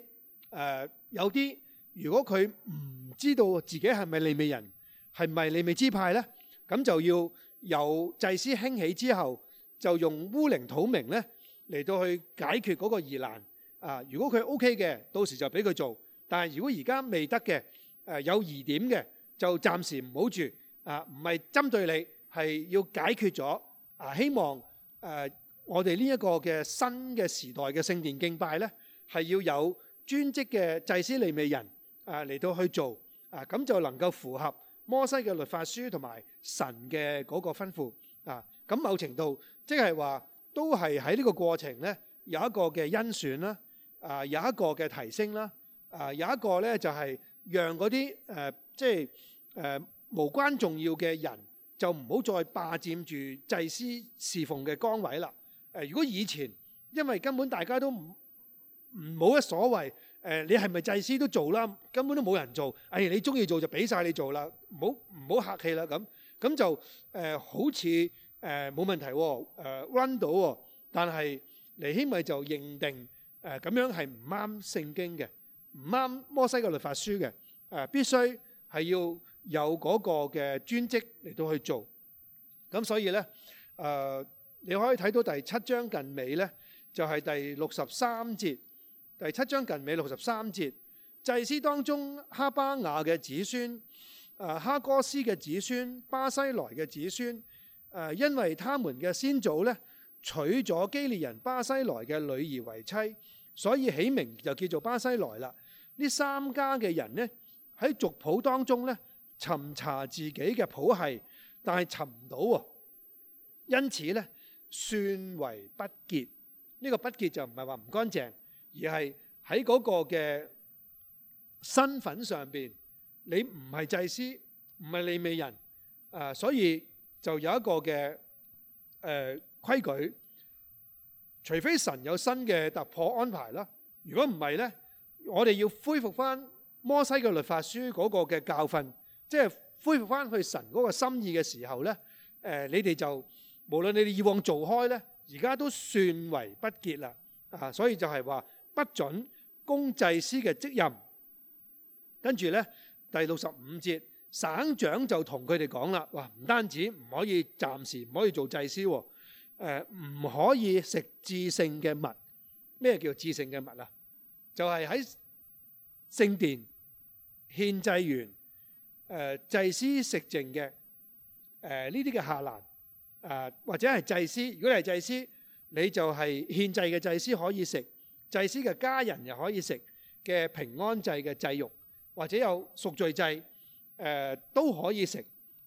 誒有啲如果佢唔知道自己係咪利未人？係咪利未支派呢？咁就要由祭司興起之後，就用烏陵土明呢嚟到去解決嗰個疑難。啊，如果佢 O K 嘅，到時就俾佢做；但係如果而家未得嘅，誒有疑點嘅，就暫時唔好住。啊，唔係針對你，係要解決咗。啊，希望誒我哋呢一個嘅新嘅時代嘅聖殿敬拜呢，係要有專職嘅祭司利未人啊嚟到去做。啊，咁就能夠符合。摩西嘅律法書同埋神嘅嗰個吩咐啊，咁某程度即係話都係喺呢個過程呢，有一個嘅甄選啦，啊有一個嘅提升啦，啊有一個呢就係讓嗰啲誒即係誒無關重要嘅人就唔好再霸佔住祭司侍奉嘅崗位啦。誒如果以前因為根本大家都唔唔冇一所謂，誒你係咪祭司都做啦？根本都冇人做。哎，你中意做就俾曬你做啦，唔好唔好客氣啦咁。咁就誒好似誒冇問題喎，誒 run 到喎。但係尼希米就認定誒咁樣係唔啱聖經嘅，唔啱摩西嘅律法書嘅。誒必須係要有嗰個嘅專職嚟到去做。咁所以咧誒，你可以睇到第七章近尾咧，就係第六十三節。第七章近尾六十三節，祭司當中哈巴雅嘅子孫，誒哈哥斯嘅子孫，巴西萊嘅子孫，誒因為他們嘅先祖咧娶咗基列人巴西萊嘅女兒為妻，所以起名就叫做巴西萊啦。呢三家嘅人咧喺族譜當中咧尋查自己嘅譜系，但係尋唔到喎，因此咧算為不潔。呢、這個不潔就唔係話唔乾淨。而係喺嗰個嘅身份上邊，你唔係祭司，唔係利未人，啊，所以就有一個嘅誒規矩，除非神有新嘅突破安排啦。如果唔係咧，我哋要恢復翻摩西嘅律法書嗰個嘅教訓，即係恢復翻去神嗰個心意嘅時候咧，誒，你哋就無論你哋以往做開咧，而家都算為不結啦，啊，所以就係話。不准供祭司嘅職任，跟住咧第六十五節，省長就同佢哋講啦：哇！唔單止唔可以暫時唔可以做祭司，誒唔可以食至聖嘅物。咩叫至聖嘅物啊？就係喺聖殿獻祭完，誒祭司食剩嘅，誒呢啲嘅下欄，誒或者係祭司。如果你係祭司，你就係獻祭嘅祭司可以食。祭司嘅家人又可以食嘅平安祭嘅祭肉，或者有贖罪祭，誒都可以食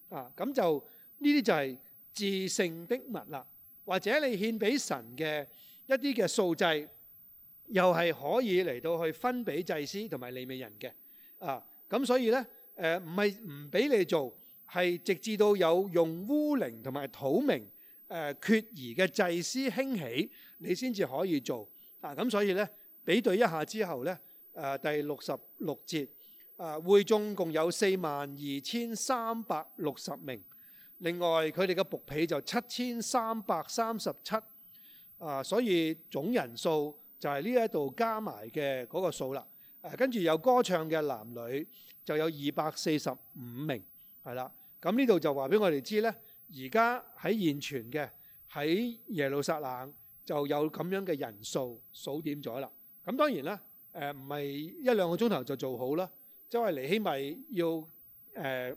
啊。咁就呢啲就係至聖的物啦。或者你獻俾神嘅一啲嘅素祭，又係可以嚟到去分俾祭司同埋利未人嘅啊。咁所以咧誒唔係唔俾你做，係直至到有用烏陵同埋土明誒決疑嘅祭司興起，你先至可以做。嗱咁、啊、所以呢，比對一下之後呢，誒、啊、第六十六節，誒、啊、會眾共有四萬二千三百六十名，另外佢哋嘅僕婢就七千三百三十七，啊，所以總人數就係呢一度加埋嘅嗰個數啦。跟、啊、住有歌唱嘅男女就有二百四十五名，係啦。咁呢度就話俾我哋知呢，而家喺現存嘅喺耶路撒冷。就有咁樣嘅人數數點咗啦。咁當然咧，誒唔係一兩個鐘頭就做好啦。就係尼希米要誒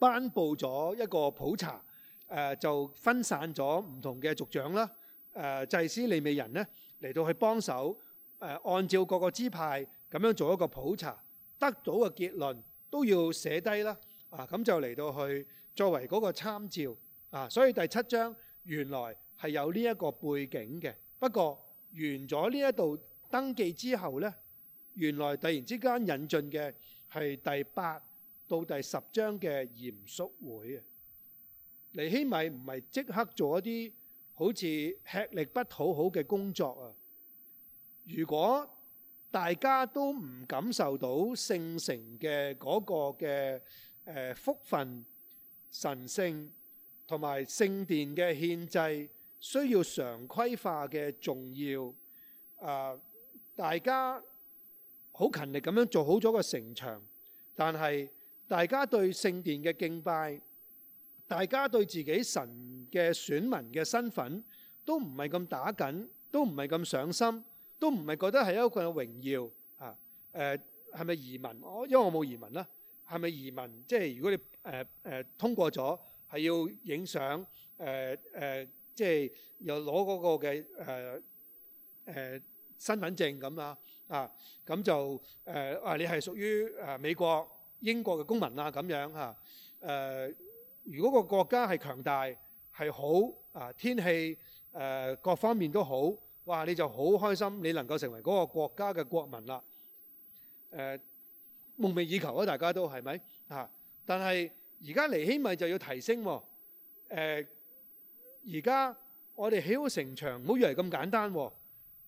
頒佈咗一個普查，誒就分散咗唔同嘅族長啦，誒祭司、利未人咧嚟到去幫手，誒按照各個支派咁樣做一個普查，得到嘅結論都要寫低啦。啊，咁就嚟到去作為嗰個參照。啊，所以第七章原來。係有呢一個背景嘅，不過完咗呢一度登記之後咧，原來突然之間引進嘅係第八到第十章嘅嚴肅會啊！尼希米唔係即刻做一啲好似吃力不討好嘅工作啊！如果大家都唔感受到聖城嘅嗰個嘅誒福分、神聖同埋聖殿嘅獻祭。需要常規化嘅重要，啊、呃！大家好勤力咁樣做好咗個城牆，但係大家對聖殿嘅敬拜，大家對自己神嘅選民嘅身份都唔係咁打緊，都唔係咁上心，都唔係覺得係一個榮耀啊！誒、呃，係咪移民？我因為我冇移民啦，係咪移民？即係如果你誒誒、呃呃、通過咗，係要影相誒誒。呃呃即係又攞嗰個嘅誒誒身份證咁啦啊，咁就誒啊，啊你係屬於誒美國、英國嘅公民啦、啊、咁樣嚇、啊、誒、啊。如果個國家係強大係好啊，天氣誒、啊、各方面都好，哇！你就好開心，你能夠成為嗰個國家嘅國民啦誒、啊，夢寐以求啊！大家都係咪啊？但係而家嚟希咪就要提升喎、啊啊而家我哋起好城牆，唔好以為咁簡單喎。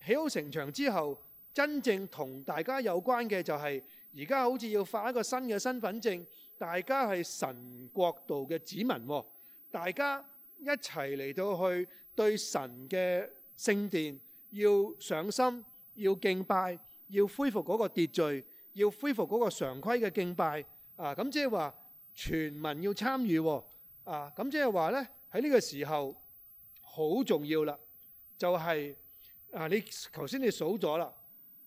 起好城牆之後，真正同大家有關嘅就係，而家好似要發一個新嘅身份證，大家係神國度嘅子民喎。大家一齊嚟到去對神嘅聖殿，要上心，要敬拜，要恢復嗰個秩序，要恢復嗰個常規嘅敬拜啊！咁即係話全民要參與喎。啊，咁即係話呢，喺呢個時候。好重要啦，就係啊！你頭先你數咗啦，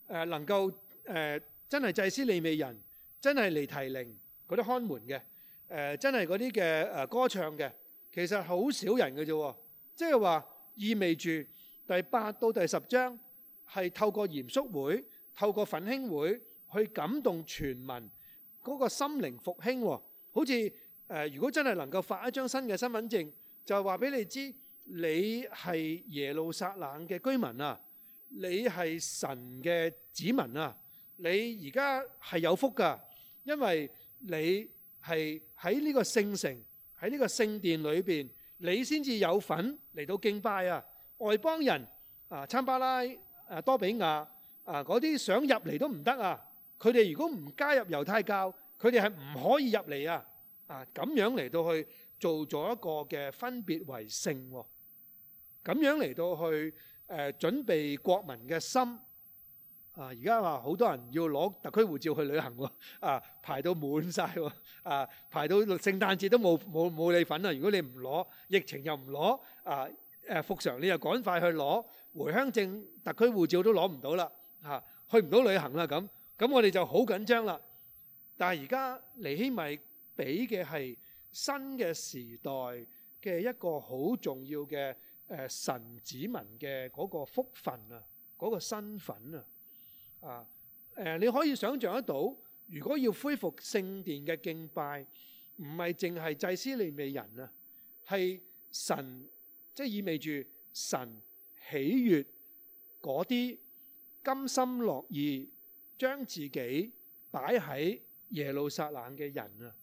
誒能夠誒真係祭司利未人，真係尼提寧嗰啲看門嘅，誒真係嗰啲嘅誒歌唱嘅，其實好少人嘅啫。即係話意味住第八到第十章係透過嚴肅會、透過奮興會去感動全民嗰個心靈復興，好似誒如果真係能夠發一張新嘅身份證，就話俾你知。你係耶路撒冷嘅居民啊，你係神嘅子民啊，你而家係有福㗎，因為你係喺呢個聖城、喺呢個聖殿裏邊，你先至有份嚟到敬拜啊！外邦人啊，參巴拉、啊多比亞啊嗰啲想入嚟都唔得啊！佢哋如果唔加入猶太教，佢哋係唔可以入嚟啊！啊咁樣嚟到去做咗一個嘅分別為聖。咁樣嚟到去誒，準備國民嘅心啊！而家話好多人要攞特區護照去旅行喎，啊排到滿晒喎，啊排到聖誕節都冇冇冇你份啦！如果你唔攞，疫情又唔攞，啊誒復常你又趕快去攞回鄉證、特區護照都攞唔到啦，吓去唔到旅行啦，咁，咁我哋就好緊張啦。但係而家尼希米俾嘅係新嘅時代嘅一個好重要嘅。誒神子民嘅嗰個福分啊，嗰個身份啊，啊誒，你可以想象得到，如果要恢復聖殿嘅敬拜，唔係淨係祭司利未人啊，係神，即係意味住神喜悅嗰啲甘心樂意將自己擺喺耶路撒冷嘅人啊，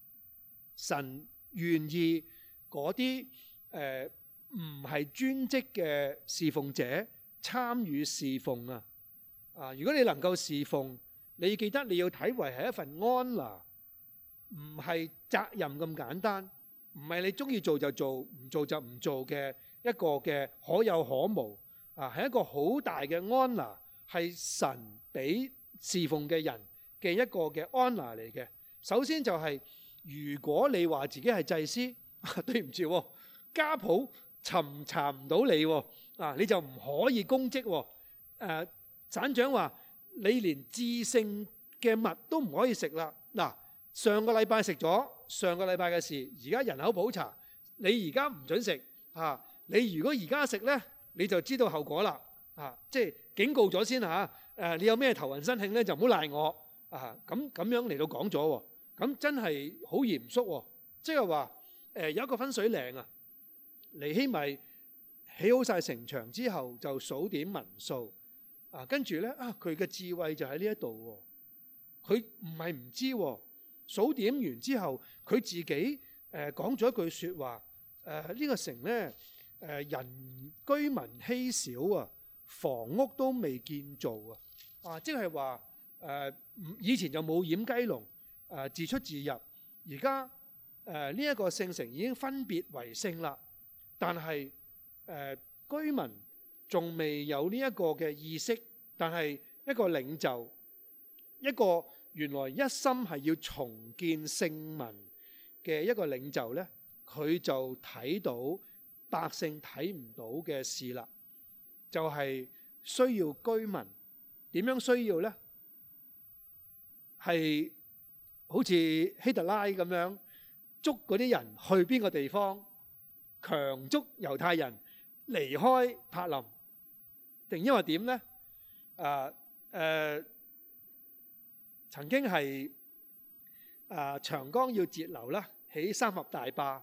神願意嗰啲誒。呃唔係專職嘅侍奉者參與侍奉啊！啊，如果你能夠侍奉，你記得你要睇為係一份安娜，唔係責任咁簡單，唔係你中意做就做，唔做就唔做嘅一個嘅可有可無啊，係一個好大嘅安娜，係神俾侍奉嘅人嘅一個嘅安娜嚟嘅。首先就係如果你話自己係祭司，對唔住，家譜。尋查唔到你喎，你就唔可以公職喎、呃。省長話：你連至聖嘅物都唔可以食啦。嗱，上個禮拜食咗，上個禮拜嘅事，而家人口普查，你而家唔準食嚇、啊。你如果而家食呢，你就知道後果啦。嚇、啊，即係警告咗先嚇。誒、啊，你有咩頭暈身慶呢？就唔好賴我啊。咁咁樣嚟到講咗喎，咁、啊、真係好嚴肅喎。即係話誒，有一個分水嶺啊。尼希米起好晒城牆之後，就數點民數啊！跟住咧啊，佢嘅智慧就喺呢一度喎。佢唔係唔知數點完之後，佢自己誒、呃、講咗一句説話呢、呃，呢個城咧人居民稀少啊，房屋都未建造啊！啊，即係話以前就冇掩雞籠、呃、自出自入。而家呢一個聖城已經分別為聖啦。但係誒，居民仲未有呢一個嘅意識，但係一個領袖，一個原來一心係要重建聖民嘅一個領袖呢，佢就睇到百姓睇唔到嘅事啦，就係需要居民點樣需要呢？係好似希特拉咁樣，捉嗰啲人去邊個地方？強捉猶太人離開柏林，定因為點咧？啊，誒，曾經係啊長江要截流啦，起三峽大壩，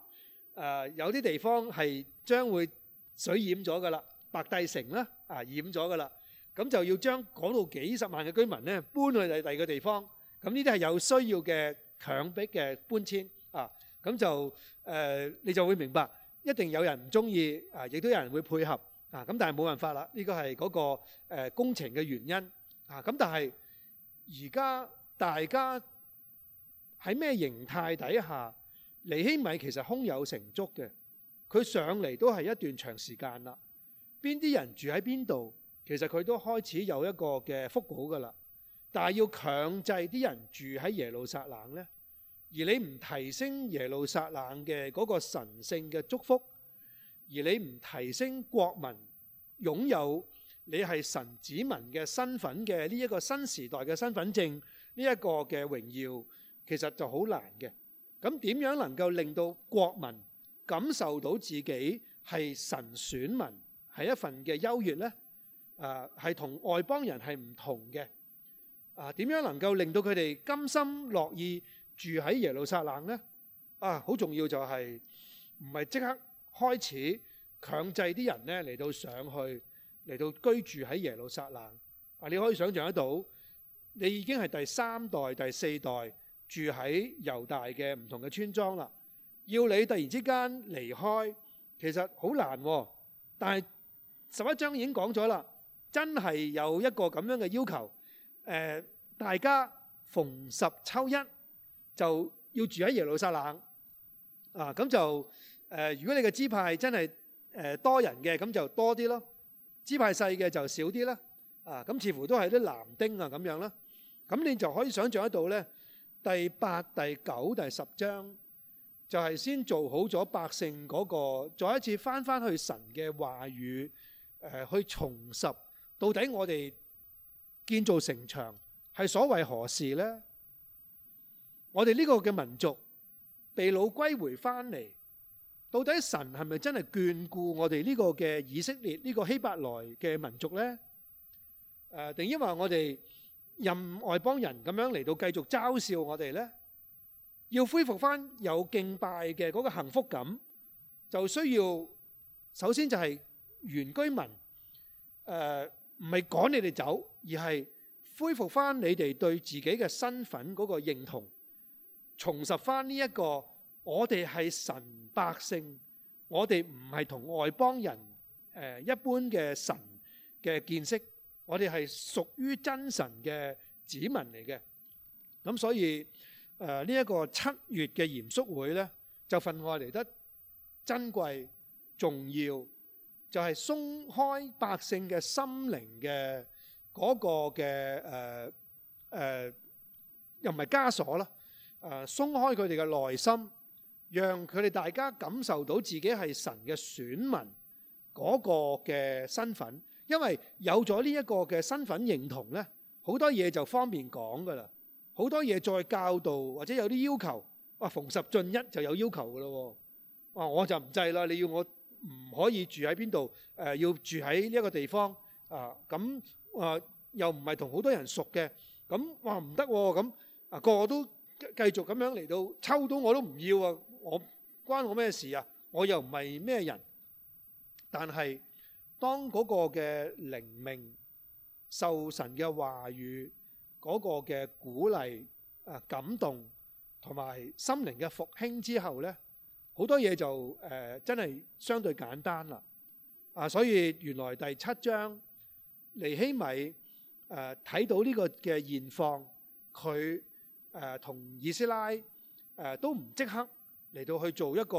誒有啲地方係將會水淹咗噶啦，白帝城啦，啊淹咗噶啦，咁就要將嗰度幾十萬嘅居民咧搬去第第二個地方，咁呢啲係有需要嘅強迫嘅搬遷啊，咁就誒你就會明白。一定有人唔中意，啊，亦都有人會配合，啊，咁但係冇辦法啦，呢個係嗰個誒工程嘅原因，啊，咁但係而家大家喺咩形態底下，尼希米其實空有成竹嘅，佢上嚟都係一段長時間啦，邊啲人住喺邊度，其實佢都開始有一個嘅復古㗎喇，但係要強制啲人住喺耶路撒冷呢。而你唔提升耶路撒冷嘅嗰個神聖嘅祝福，而你唔提升國民擁有你係神子民嘅身份嘅呢一個新時代嘅身份證呢一個嘅榮耀，其實就好難嘅。咁點樣能夠令到國民感受到自己係神選民，係一份嘅優越咧？啊，係同外邦人係唔同嘅。啊，點樣能夠令到佢哋甘心樂意？住喺耶路撒冷呢，啊，好重要就係唔係即刻開始強制啲人呢嚟到上去嚟到居住喺耶路撒冷啊？你可以想象得到，你已經係第三代、第四代住喺猶大嘅唔同嘅村莊啦。要你突然之間離開，其實好難。但係十一章已經講咗啦，真係有一個咁樣嘅要求。誒，大家逢十抽一。就要住喺耶路撒冷啊！咁就誒，如果你嘅支派真係誒多人嘅，咁就多啲咯；支派細嘅就少啲啦。啊，咁似乎都係啲男丁啊咁樣啦。咁你就可以想像得到咧，第八、第九、第十章就係先做好咗百姓嗰個，再一次翻翻去神嘅話語，誒去重拾到底我哋建造城牆係所為何事咧？我哋呢個嘅民族被擄歸回返嚟，到底神係咪真係眷顧我哋呢個嘅以色列呢個希伯來嘅民族咧？誒，定因為我哋任外邦人咁樣嚟到繼續嘲笑我哋咧？要恢復返有敬拜嘅嗰個幸福感，就需要首先就係原居民誒，唔係趕你哋走，而係恢復返你哋對自己嘅身份嗰個認同。重拾翻呢一個，我哋係神百姓，我哋唔係同外邦人誒一般嘅神嘅見識，我哋係屬於真神嘅子民嚟嘅。咁所以誒呢一個七月嘅嚴肅會咧，就份外嚟得珍貴重要，就係鬆開百姓嘅心靈嘅嗰個嘅誒誒，又唔係枷鎖啦。誒鬆開佢哋嘅內心，讓佢哋大家感受到自己係神嘅選民嗰個嘅身份，因為有咗呢一個嘅身份認同咧，好多嘢就方便講㗎啦。好多嘢再教導或者有啲要求，啊逢十進一就有要求㗎咯。啊我就唔制啦，你要我唔可以住喺邊度？誒要住喺呢一個地方啊？咁啊又唔係同好多人熟嘅，咁話唔得喎！咁啊個個都～繼續咁樣嚟到抽到我都唔要啊！我關我咩事啊？我又唔係咩人。但係當嗰個嘅靈命受神嘅話語嗰、嗰個嘅鼓勵啊、感動同埋心靈嘅復興之後咧，好多嘢就誒、呃、真係相對簡單啦。啊，所以原來第七章尼希米誒睇、啊、到呢個嘅現況，佢。誒同以斯拉誒都唔即刻嚟到去做一個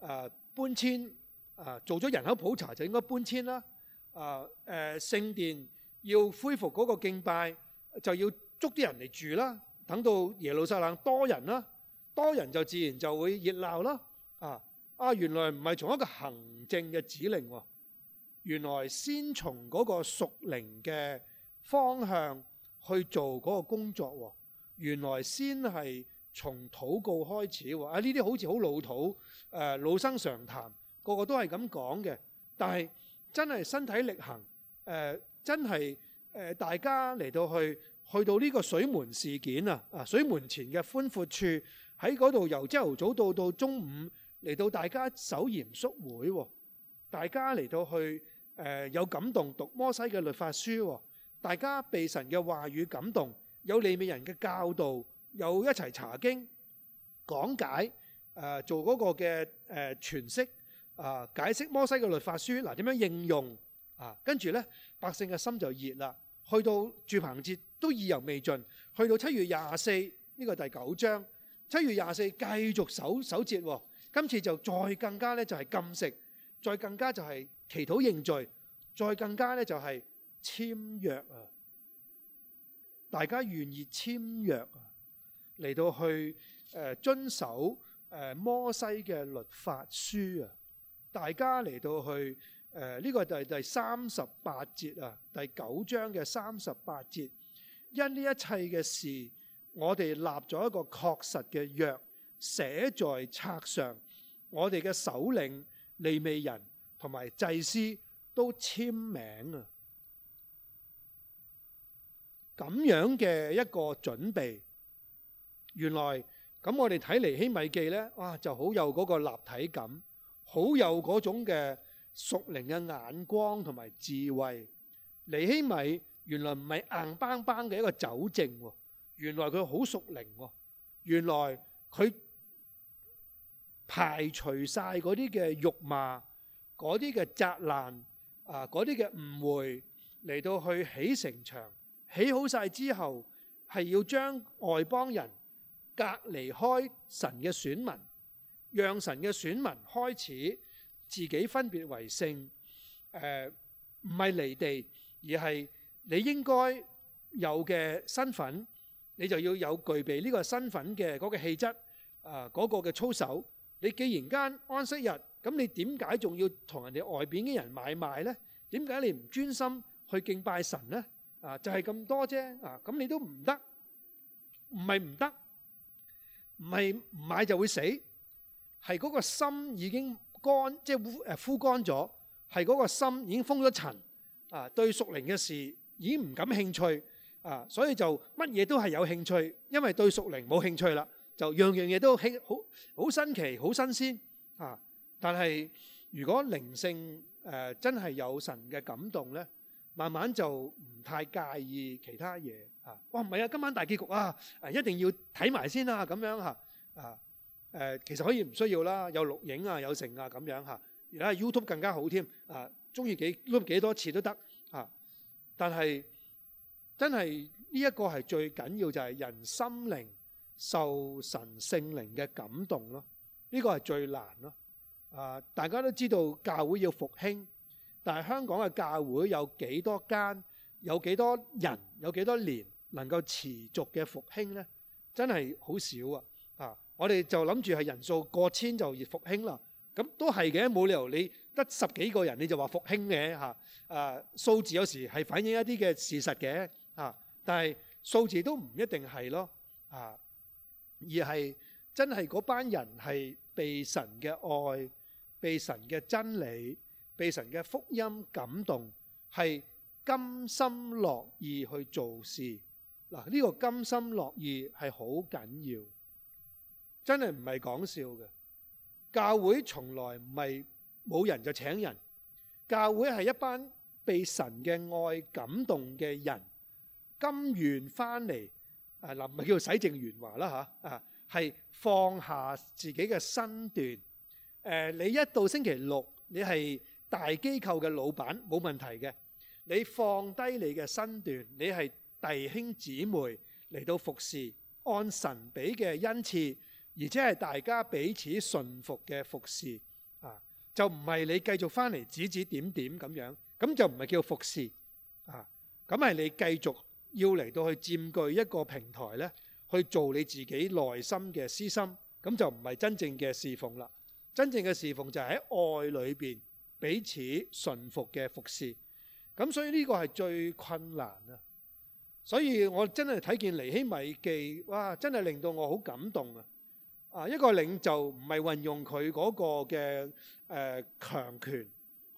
誒搬遷，誒做咗人口普查就應該搬遷啦，啊，誒聖殿要恢復嗰個敬拜就要捉啲人嚟住啦、啊，等到耶路撒冷多人啦、啊，多人就自然就會熱鬧啦。啊，啊原來唔係從一個行政嘅指令喎、啊，原來先從嗰個屬靈嘅方向去做嗰個工作喎、啊。原來先係從禱告開始喎，啊呢啲好似好老土，誒、呃、老生常談，個個都係咁講嘅。但係真係身體力行，誒、呃、真係誒、呃、大家嚟到去，去到呢個水門事件啊，啊水門前嘅寬闊處，喺嗰度由朝頭早到到中午，嚟到大家守嚴肅會、呃，大家嚟到去誒、呃、有感動讀摩西嘅律法書、呃，大家被神嘅話語感動。有利未人嘅教導，有一齊查經、講解、誒做嗰個嘅誒詮釋啊，解釋摩西嘅律法書，嗱點樣應用啊？跟住咧，百姓嘅心就熱啦。去到住棚節都意猶未盡，去到七月廿四呢個第九章，七月廿四繼續守守節，今次就再更加咧就係禁食，再更加就係祈禱認罪，再更加咧就係簽約啊！大家願意簽約啊，嚟到去誒遵守誒摩西嘅律法書啊，大家嚟到去誒呢個就係第三十八節啊，第九章嘅三十八節，因呢一切嘅事，我哋立咗一個確實嘅約，寫在冊上，我哋嘅首領利未人同埋祭司都簽名啊。咁樣嘅一個準備，原來咁我哋睇尼希米記咧，哇，就好有嗰個立體感，好有嗰種嘅屬靈嘅眼光同埋智慧。尼希米原來唔係硬邦邦嘅一個酒政喎，原來佢好屬靈喎，原來佢排除曬嗰啲嘅辱罵、嗰啲嘅責難、啊嗰啲嘅誤會，嚟到去起城牆。起好曬之後，係要將外邦人隔離開神嘅選民，讓神嘅選民開始自己分別為聖。誒，唔係離地，而係你應該有嘅身份，你就要有具備呢個身份嘅嗰個氣質，啊，嗰個嘅操守。你既然間安息日，咁你點解仲要同人哋外邊嘅人買賣呢？點解你唔專心去敬拜神呢？啊，就係咁多啫！啊，咁你都唔得，唔係唔得，唔係唔買就會死，係嗰個心已經乾，即係誒枯乾咗，係嗰個心已經封咗塵。啊，對屬靈嘅事已經唔感興趣。啊，所以就乜嘢都係有興趣，因為對屬靈冇興趣啦，就樣樣嘢都興，好好新奇，好新鮮。啊，但係如果靈性誒真係有神嘅感動咧？慢慢就唔太介意其他嘢嚇，哇唔係啊，今晚大結局啊，誒一定要睇埋先啦咁樣嚇，啊誒其實可以唔需要啦，有錄影啊有成啊咁樣嚇，而家 YouTube 更加好添啊，中意幾碌幾多次都得嚇，但係真係呢一個係最緊要就係人心靈受神聖靈嘅感動咯，呢個係最難咯，啊大家都知道教會要復興。但係香港嘅教會有幾多間？有幾多人？有幾多年能夠持續嘅復興呢？真係好少啊！啊，我哋就諗住係人數過千就越復興啦。咁都係嘅，冇理由你得十幾個人你就話復興嘅吓。啊，數字有時係反映一啲嘅事實嘅啊，但係數字都唔一定係咯啊，而係真係嗰班人係被神嘅愛、被神嘅真理。被神嘅福音感動，係甘心樂意去做事。嗱，呢個甘心樂意係好緊要，真係唔係講笑嘅。教會從來唔係冇人就請人，教會係一班被神嘅愛感動嘅人，甘願翻嚟啊！嗱，唔係叫洗淨鉛華啦嚇啊，係放下自己嘅身段。誒，你一到星期六，你係大機構嘅老闆冇問題嘅，你放低你嘅身段，你係弟兄姊妹嚟到服侍，按神俾嘅恩賜，而且係大家彼此順服嘅服侍啊，就唔係你繼續翻嚟指指點點咁樣，咁就唔係叫服侍啊。咁係你繼續要嚟到去佔據一個平台呢，去做你自己內心嘅私心，咁就唔係真正嘅侍奉啦。真正嘅侍奉就係喺愛裏邊。彼此順服嘅服侍，咁所以呢個係最困難啊！所以我真係睇見尼希米記，哇！真係令到我好感動啊！啊，一個領袖唔係運用佢嗰個嘅誒強權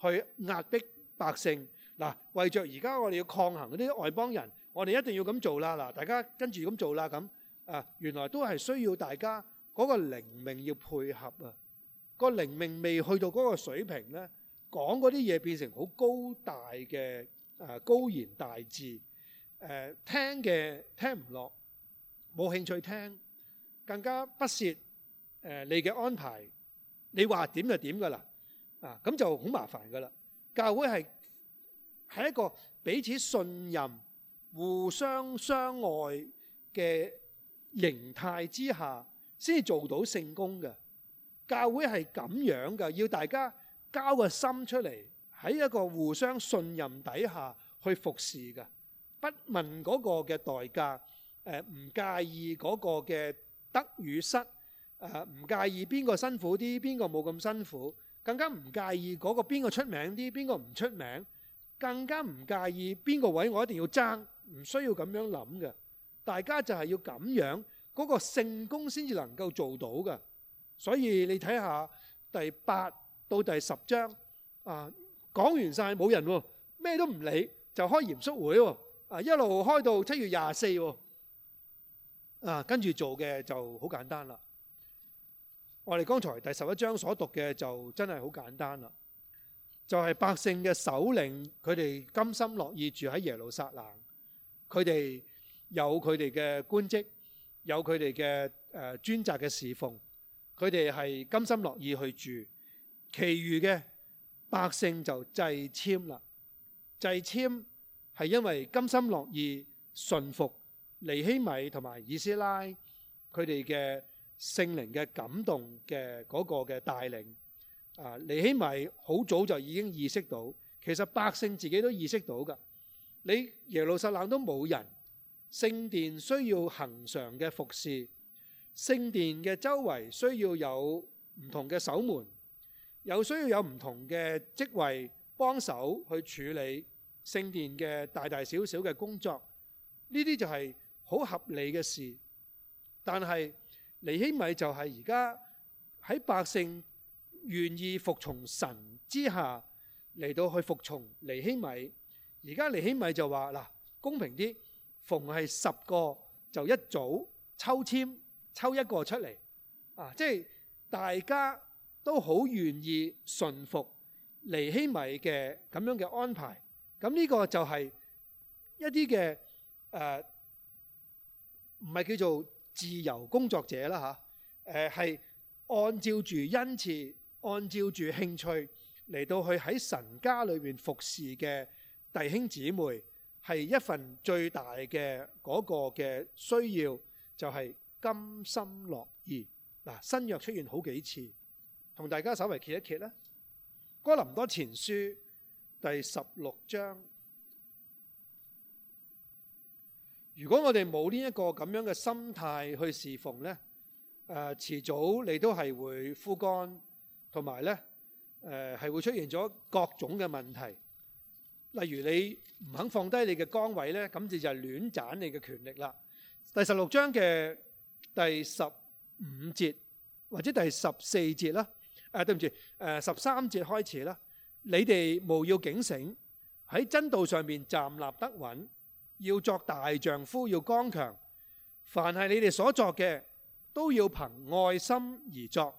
去壓迫百姓，嗱，為着而家我哋要抗衡嗰啲外邦人，我哋一定要咁做啦！嗱，大家跟住咁做啦，咁啊，原來都係需要大家嗰個靈命要配合啊！個靈命未去到嗰個水平咧。講嗰啲嘢變成好高大嘅誒高言大智，誒聽嘅聽唔落，冇興趣聽，更加不屑誒你嘅安排，你話點就點噶啦，啊咁就好麻煩噶啦。教會係喺一個彼此信任、互相相愛嘅形態之下，先做到聖工嘅。教會係咁樣嘅，要大家，交個心出嚟，喺一個互相信任底下去服侍嘅，不問嗰個嘅代價，誒唔介意嗰個嘅得與失，誒唔介意邊個辛苦啲，邊個冇咁辛苦，更加唔介意嗰個邊個出名啲，邊個唔出名，更加唔介意邊個位我一定要爭，唔需要咁樣諗嘅。大家就係要咁樣，嗰、那個聖工先至能夠做到嘅。所以你睇下第八。到第十章啊，講完晒冇人喎，咩都唔理，就開嚴肅會喎，啊一路開到七月廿四喎，啊跟住做嘅就好簡單啦。我哋剛才第十一章所讀嘅就真係好簡單啦，就係百姓嘅首領，佢哋甘心樂意住喺耶路撒冷，佢哋有佢哋嘅官職，有佢哋嘅誒專責嘅侍奉，佢哋係甘心樂意去住。其餘嘅百姓就掣籤啦。掣籤係因為甘心樂意順服尼希米同埋以斯拉佢哋嘅聖靈嘅感動嘅嗰個嘅帶領啊！尼希米好早就已經意識到，其實百姓自己都意識到㗎。你耶路撒冷都冇人，聖殿需要恆常嘅服侍，聖殿嘅周圍需要有唔同嘅守門。有需要有唔同嘅職位幫手去處理聖殿嘅大大小小嘅工作，呢啲就係好合理嘅事。但係尼希米就係而家喺百姓願意服從神之下嚟到去服從尼希米。而家尼希米就話：嗱，公平啲，逢係十個就一組抽籤抽一個出嚟啊！即係大家。都好願意順服尼希米嘅咁樣嘅安排，咁呢個就係一啲嘅，誒唔係叫做自由工作者啦，嚇，誒係按照住恩賜，按照住興趣嚟到去喺神家裏邊服侍嘅弟兄姊妹，係一份最大嘅嗰個嘅需要，就係甘心樂意嗱。新約出現好幾次。同大家稍微揭一揭咧，《哥林多前書》第十六章。如果我哋冇呢一個咁樣嘅心態去侍奉咧，誒遲早你都係會枯乾，同埋咧誒係會出現咗各種嘅問題。例如你唔肯放低你嘅崗位咧，咁就就係亂攢你嘅權力啦。第十六章嘅第十五節或者第十四節啦。誒對唔住，誒十三節開始啦。你哋務要警醒，喺真道上面站立得穩，要作大丈夫，要剛強。凡係你哋所作嘅，都要憑愛心而作。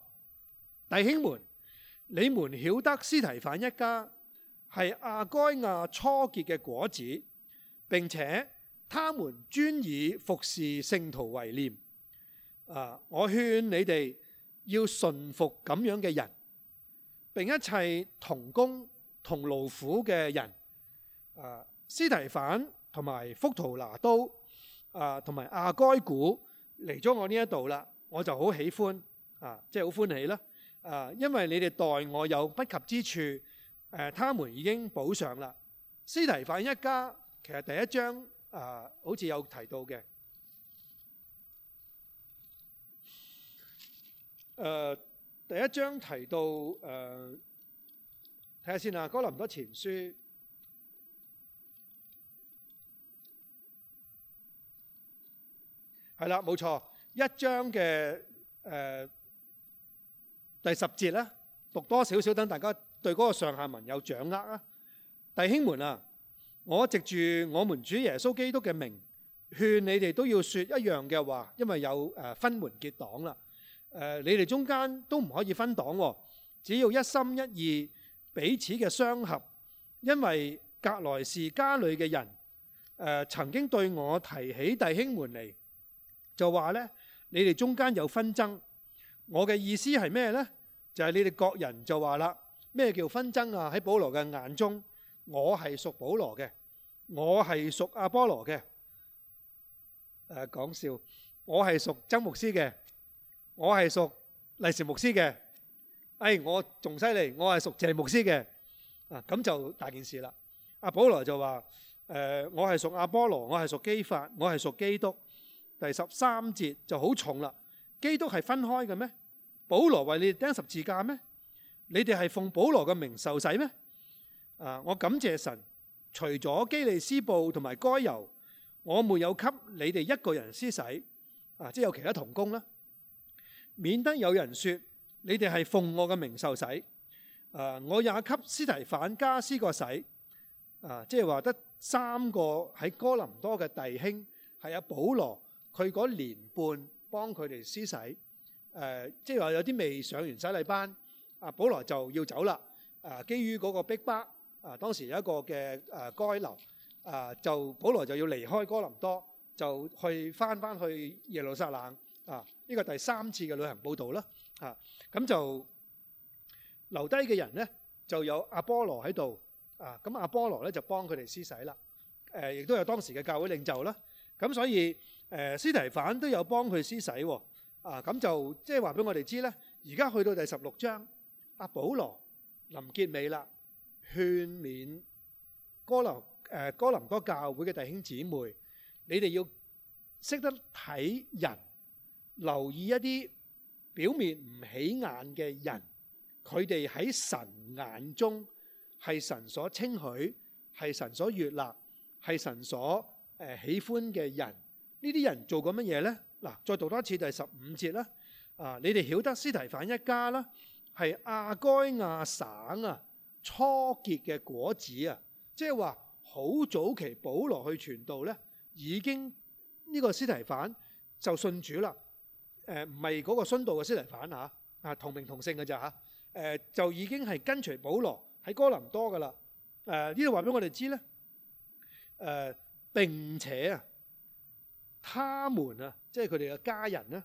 弟兄們，你們曉得司提反一家係亞該亞初結嘅果子，並且他們專以服侍聖徒為念。啊，我勸你哋。要順服咁樣嘅人，並一切同工同勞苦嘅人，啊，司提反同埋福徒拿都啊，同埋亞該古嚟咗我呢一度啦，我就好喜歡啊，即係好歡喜啦，啊，因為你哋待我有不及之處，誒，他們已經補上啦。司提反一家其實第一章啊，好似有提到嘅。誒，第一章提到，誒睇下先啦，《哥林多前書》係啦，冇錯一章嘅，誒第十節啦，讀多少少，等大家對嗰個上下文有掌握啊！弟兄們啊，我藉住我們主耶穌基督嘅名，勸你哋都要説一樣嘅話，因為有誒分門結黨啦。誒，你哋中間都唔可以分黨喎，只要一心一意，彼此嘅相合。因為革來氏家裏嘅人，誒曾經對我提起弟兄們嚟，就話咧，你哋中間有紛爭。我嘅意思係咩咧？就係你哋各人就話啦，咩叫紛爭啊？喺保羅嘅眼中，我係屬保羅嘅，我係屬阿波羅嘅。誒講笑，我係屬曾牧師嘅。我係屬利士牧師嘅，誒我仲犀利，我係屬謝牧師嘅，啊咁就大件事啦。阿保羅就話：誒我係屬阿波羅，我係屬基法，我係屬基督。第十三節就好重啦。基督係分開嘅咩？保羅為你哋釘十字架咩？你哋係奉保羅嘅名受洗咩？啊，我感謝神，除咗基利斯布同埋該猶，我沒有給你哋一個人施洗，啊即係有其他同工啦。免得有人說你哋係奉我嘅名受洗，啊，我也給司提反家施過洗，啊，即係話得三個喺哥林多嘅弟兄係阿保羅，佢嗰年半幫佢哋施洗，誒，即係話有啲未上完洗禮班，阿保羅就要走啦，啊，基於嗰個逼迫，啊，當時有一個嘅誒迦流，啊，就保羅就要離開哥林多，就去返返去耶路撒冷。啊！呢個第三次嘅旅行報導啦，啊咁就留低嘅人咧，就有阿波羅喺度，啊咁阿波羅咧就幫佢哋施洗啦。誒，亦都有當時嘅教會領袖啦。咁所以誒，司提反都有幫佢施洗喎。啊，咁就即係話俾我哋知咧。而家去到第十六章，阿保羅臨結尾啦，勸勉哥林誒哥林哥教會嘅弟兄姊妹，你哋要識得睇人。留意一啲表面唔起眼嘅人，佢哋喺神眼中係神所稱許、係神所悅納、係神所誒喜歡嘅人。呢啲人做過乜嘢呢？嗱，再讀多次第十五節啦。啊，你哋曉得斯提凡一家啦，係阿該亞省啊初結嘅果子啊，即係話好早期保羅去傳道咧，已經呢、呢個斯提凡就信主啦。誒唔係嗰個殉道嘅司提反嚇，啊同名同姓嘅啫嚇。誒、啊、就已經係跟隨保羅喺哥林多噶啦。誒呢度話俾我哋知咧。誒、啊、並且啊，他們啊，即係佢哋嘅家人咧，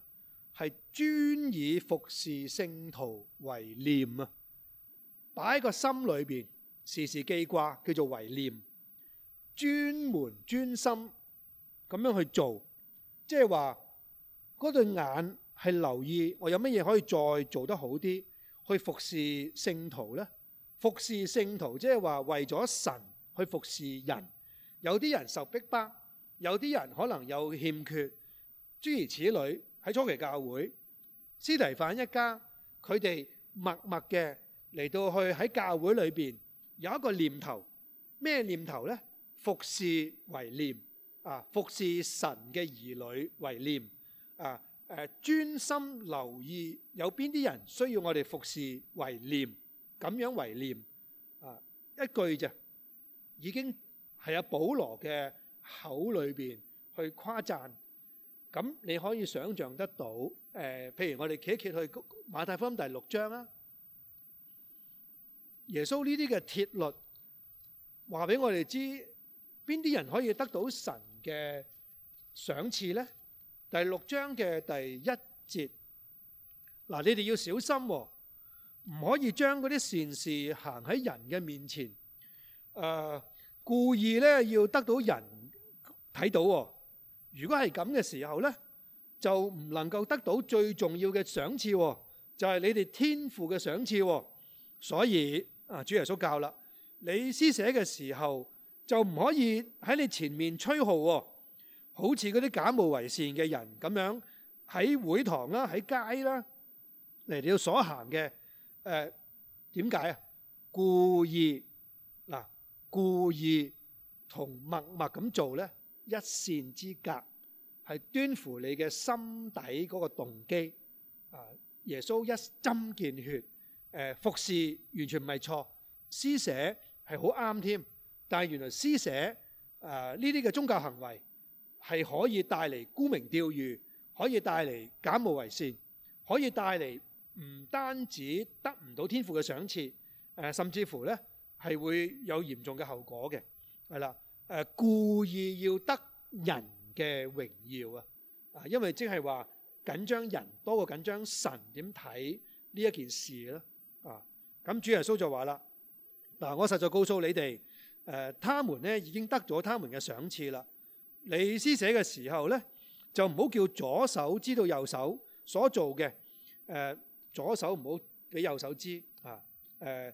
係專以服侍聖徒為念啊，擺喺個心裏邊，時時記掛，叫做為念，專門專心咁樣去做，即係話嗰對眼。係留意我有乜嘢可以再做得好啲，去服侍聖徒呢？服侍聖徒即係話為咗神去服侍人。有啲人受逼迫，迫，有啲人可能又欠缺，諸如此類。喺初期教會，司提反一家佢哋默默嘅嚟到去喺教會裏邊有一個念頭，咩念頭呢？服侍為念啊！服侍神嘅兒女為念啊！誒專心留意有邊啲人需要我哋服侍為念，咁樣為念啊！一句啫，已經係阿保羅嘅口裏邊去誇讚。咁你可以想象得到，誒，譬如我哋企一企去馬太福音第六章啊，耶穌呢啲嘅鐵律，話俾我哋知邊啲人可以得到神嘅賞賜咧？第六章嘅第一節，嗱，你哋要小心喎、哦，唔可以將嗰啲善事行喺人嘅面前，誒、呃，故意咧要得到人睇到喎、哦。如果係咁嘅時候呢，就唔能夠得到最重要嘅賞賜，就係、是、你哋天父嘅賞賜。所以啊，主耶穌教啦，你施捨嘅時候就唔可以喺你前面吹號喎、哦。好似嗰啲假冒為善嘅人咁樣喺會堂啦，喺街啦嚟到所行嘅，誒點解啊？故意嗱，故意同默默咁做咧，一線之隔係端乎你嘅心底嗰個動機啊！耶穌一針見血，誒服侍完全唔係錯，施捨係好啱添。但係原來施捨，誒呢啲嘅宗教行為。係可以帶嚟沽名釣譽，可以帶嚟假冒為善，可以帶嚟唔單止得唔到天父嘅賞賜，誒甚至乎呢係會有嚴重嘅後果嘅，係啦，故意要得人嘅榮耀啊，啊，因為即係話緊張人多過緊張神點睇呢一件事咧，啊，咁主耶穌就話啦，嗱我實在告訴你哋，誒他們咧已經得咗他們嘅賞賜啦。你施捨嘅時候咧，就唔好叫左手知道右手所做嘅，誒左手唔好俾右手知啊，誒，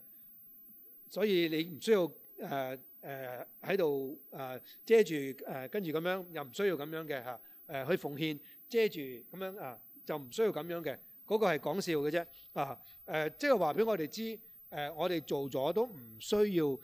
所以你唔需要誒誒喺度誒遮住誒跟住咁樣，又唔需要咁樣嘅嚇，誒去奉獻遮住咁樣啊，就唔需要咁樣嘅，嗰個係講笑嘅啫啊，誒即係話俾我哋知，誒我哋做咗都唔需要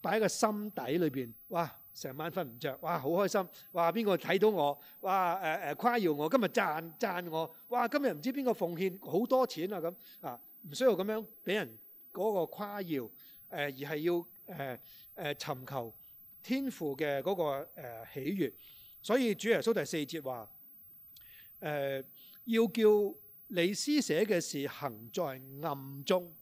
擺喺個心底裏邊，哇！成晚瞓唔着，哇！好開心，哇！邊個睇到我？哇！誒、呃、誒誇耀我，今日讚讚我，哇！今日唔知邊個奉獻好多錢啊咁啊！唔需要咁樣俾人嗰個誇耀，誒、呃、而係要誒誒、呃呃、尋求天父嘅嗰、那個、呃、喜悅。所以主耶穌第四節話：誒、呃、要叫你施捨嘅事行在暗中，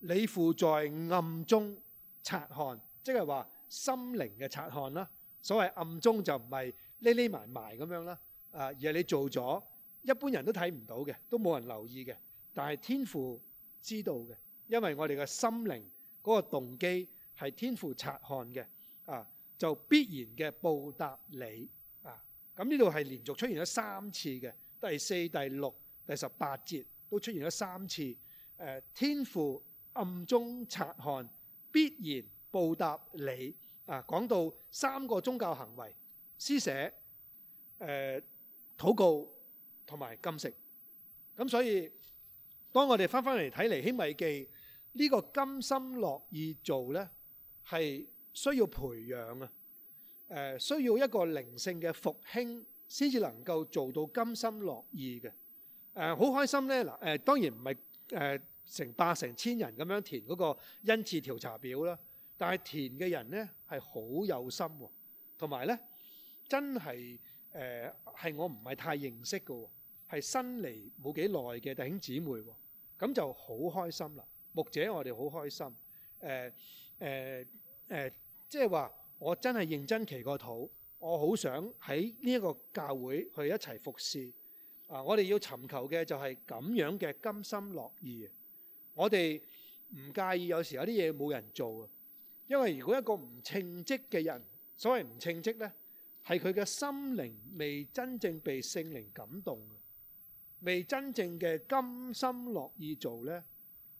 你父在暗中察看，即係話。心靈嘅察看啦，所謂暗中就唔係匿匿埋埋咁樣啦，啊而係你做咗，一般人都睇唔到嘅，都冇人留意嘅，但係天父知道嘅，因為我哋嘅心靈嗰個動機係天父察看嘅，啊就必然嘅報答你啊，咁呢度係連續出現咗三次嘅，第四、第六、第十八節都出現咗三次，誒天父暗中察看必然報答你啊！講到三個宗教行為：施捨、誒禱告同埋禁食。咁所以，當我哋翻翻嚟睇嚟《尼希米記》，呢個甘心樂意做咧，係需要培養啊！誒，需要一個靈性嘅復興，先至能夠做到甘心樂意嘅。誒，好開心咧！嗱，誒，當然唔係誒成百成千人咁樣填嗰個恩賜調查表啦。但係田嘅人呢係好有心喎、哦，同埋呢真係誒係我唔係太認識嘅、哦，係新嚟冇幾耐嘅弟兄姊妹、哦，咁就好開心啦。牧者我哋好開心誒誒、呃呃呃、即係話我真係認真祈個禱，我好想喺呢一個教會去一齊服侍。啊、呃！我哋要尋求嘅就係咁樣嘅甘心樂意，我哋唔介意有時有啲嘢冇人做啊！因為如果一個唔稱職嘅人，所謂唔稱職呢，係佢嘅心靈未真正被聖靈感動，未真正嘅甘心樂意做呢，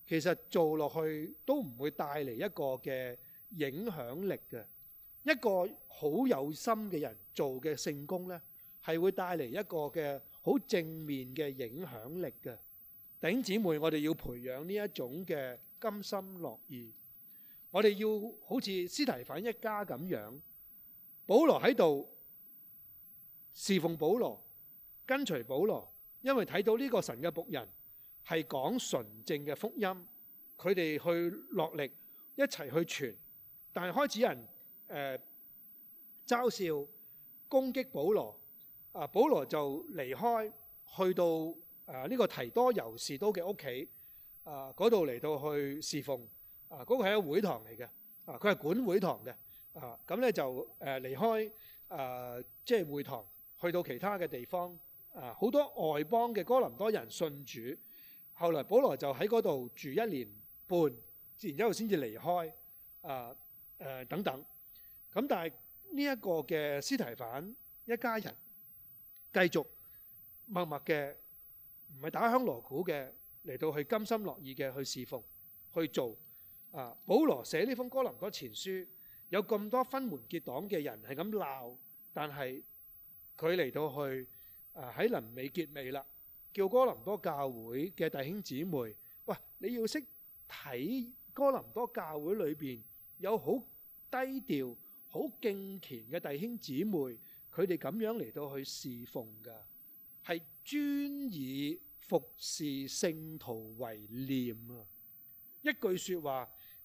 其實做落去都唔會帶嚟一個嘅影響力嘅。一個好有心嘅人做嘅聖工呢，係會帶嚟一個嘅好正面嘅影響力嘅。頂姊妹，我哋要培養呢一種嘅甘心樂意。我哋要好似司提反一家咁樣，保羅喺度侍奉保羅，跟隨保羅，因為睇到呢個神嘅僕人係講純正嘅福音，佢哋去落力一齊去傳，但係開始有人誒，嘲笑攻擊保羅，啊，保羅就離開去到誒，呢個提多猶士都嘅屋企啊，嗰度嚟到去侍奉。啊！嗰個係個會堂嚟嘅，啊，佢係管會堂嘅，啊，咁咧就誒離開，啊，即係會堂去到其他嘅地方，啊，好多外邦嘅哥林多人信主，後來保羅就喺嗰度住一年半，然之後先至離開，啊，誒等等，咁但係呢一個嘅司提反一家人繼續默默嘅，唔係打響鑼鼓嘅嚟到去甘心樂意嘅去侍奉去做。啊！保羅寫呢封哥林多前書，有咁多分門結黨嘅人係咁鬧，但係佢嚟到去啊喺臨尾結尾啦，叫哥林多教會嘅弟兄姊妹，喂，你要識睇哥林多教會裏邊有好低調、好敬虔嘅弟兄姊妹，佢哋咁樣嚟到去侍奉噶，係專以服侍聖徒為念啊！一句說話。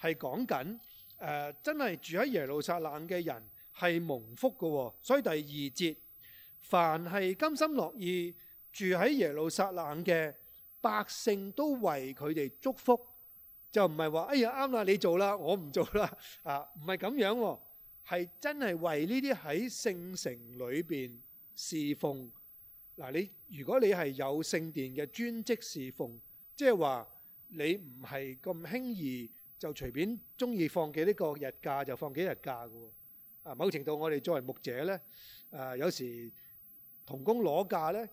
係講緊誒，真係住喺耶路撒冷嘅人係蒙福嘅，所以第二節，凡係甘心樂意住喺耶路撒冷嘅百姓，都為佢哋祝福，就唔係話哎呀啱啦，你做啦，我唔做啦啊，唔係咁樣，係真係為呢啲喺聖城裏邊侍奉。嗱，你如果你係有聖殿嘅專職侍奉，即係話你唔係咁輕易。就隨便中意放幾呢個日假就放幾日假㗎喎。啊，某程度我哋作為牧者咧，誒有時同工攞假咧，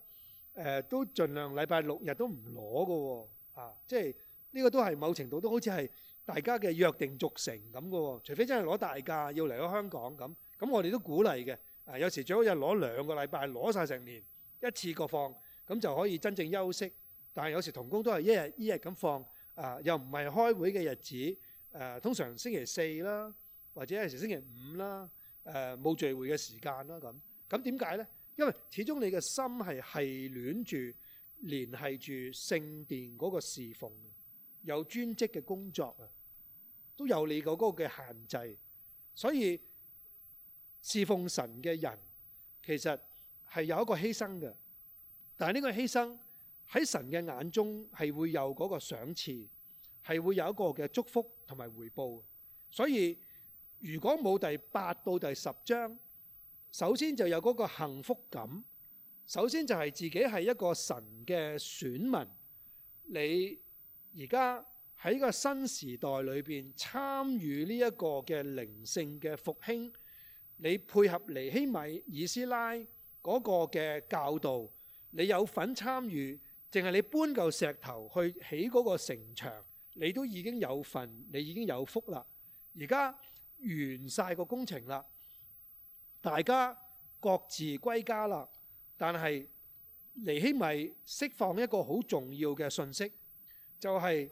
誒都盡量禮拜六日都唔攞㗎喎。啊，即係呢個都係某程度都好似係大家嘅約定俗成咁㗎喎。除非真係攞大假要嚟到香港咁，咁我哋都鼓勵嘅。啊，有時最好就攞兩個禮拜，攞晒成年一次過放，咁就可以真正休息。但係有時同工都係一日一日咁放。啊，又唔係開會嘅日子，誒，通常星期四啦，或者有時星期五啦，誒，冇聚會嘅時間啦咁。咁點解咧？因為始終你嘅心係係戀住、聯繫住聖殿嗰個侍奉，有專職嘅工作啊，都有你嗰個嘅限制。所以侍奉神嘅人其實係有一個犧牲嘅，但係呢個犧牲。喺神嘅眼中係會有嗰個賞賜，係會有一個嘅祝福同埋回報。所以如果冇第八到第十章，首先就有嗰個幸福感。首先就係自己係一個神嘅選民。你而家喺個新時代裏邊參與呢一個嘅靈性嘅復興，你配合尼希米、以斯拉嗰個嘅教導，你有份參與。淨係你搬嚿石頭去起嗰個城牆，你都已經有份，你已經有福啦。而家完晒個工程啦，大家各自歸家啦。但係尼希米釋放一個好重要嘅信息，就係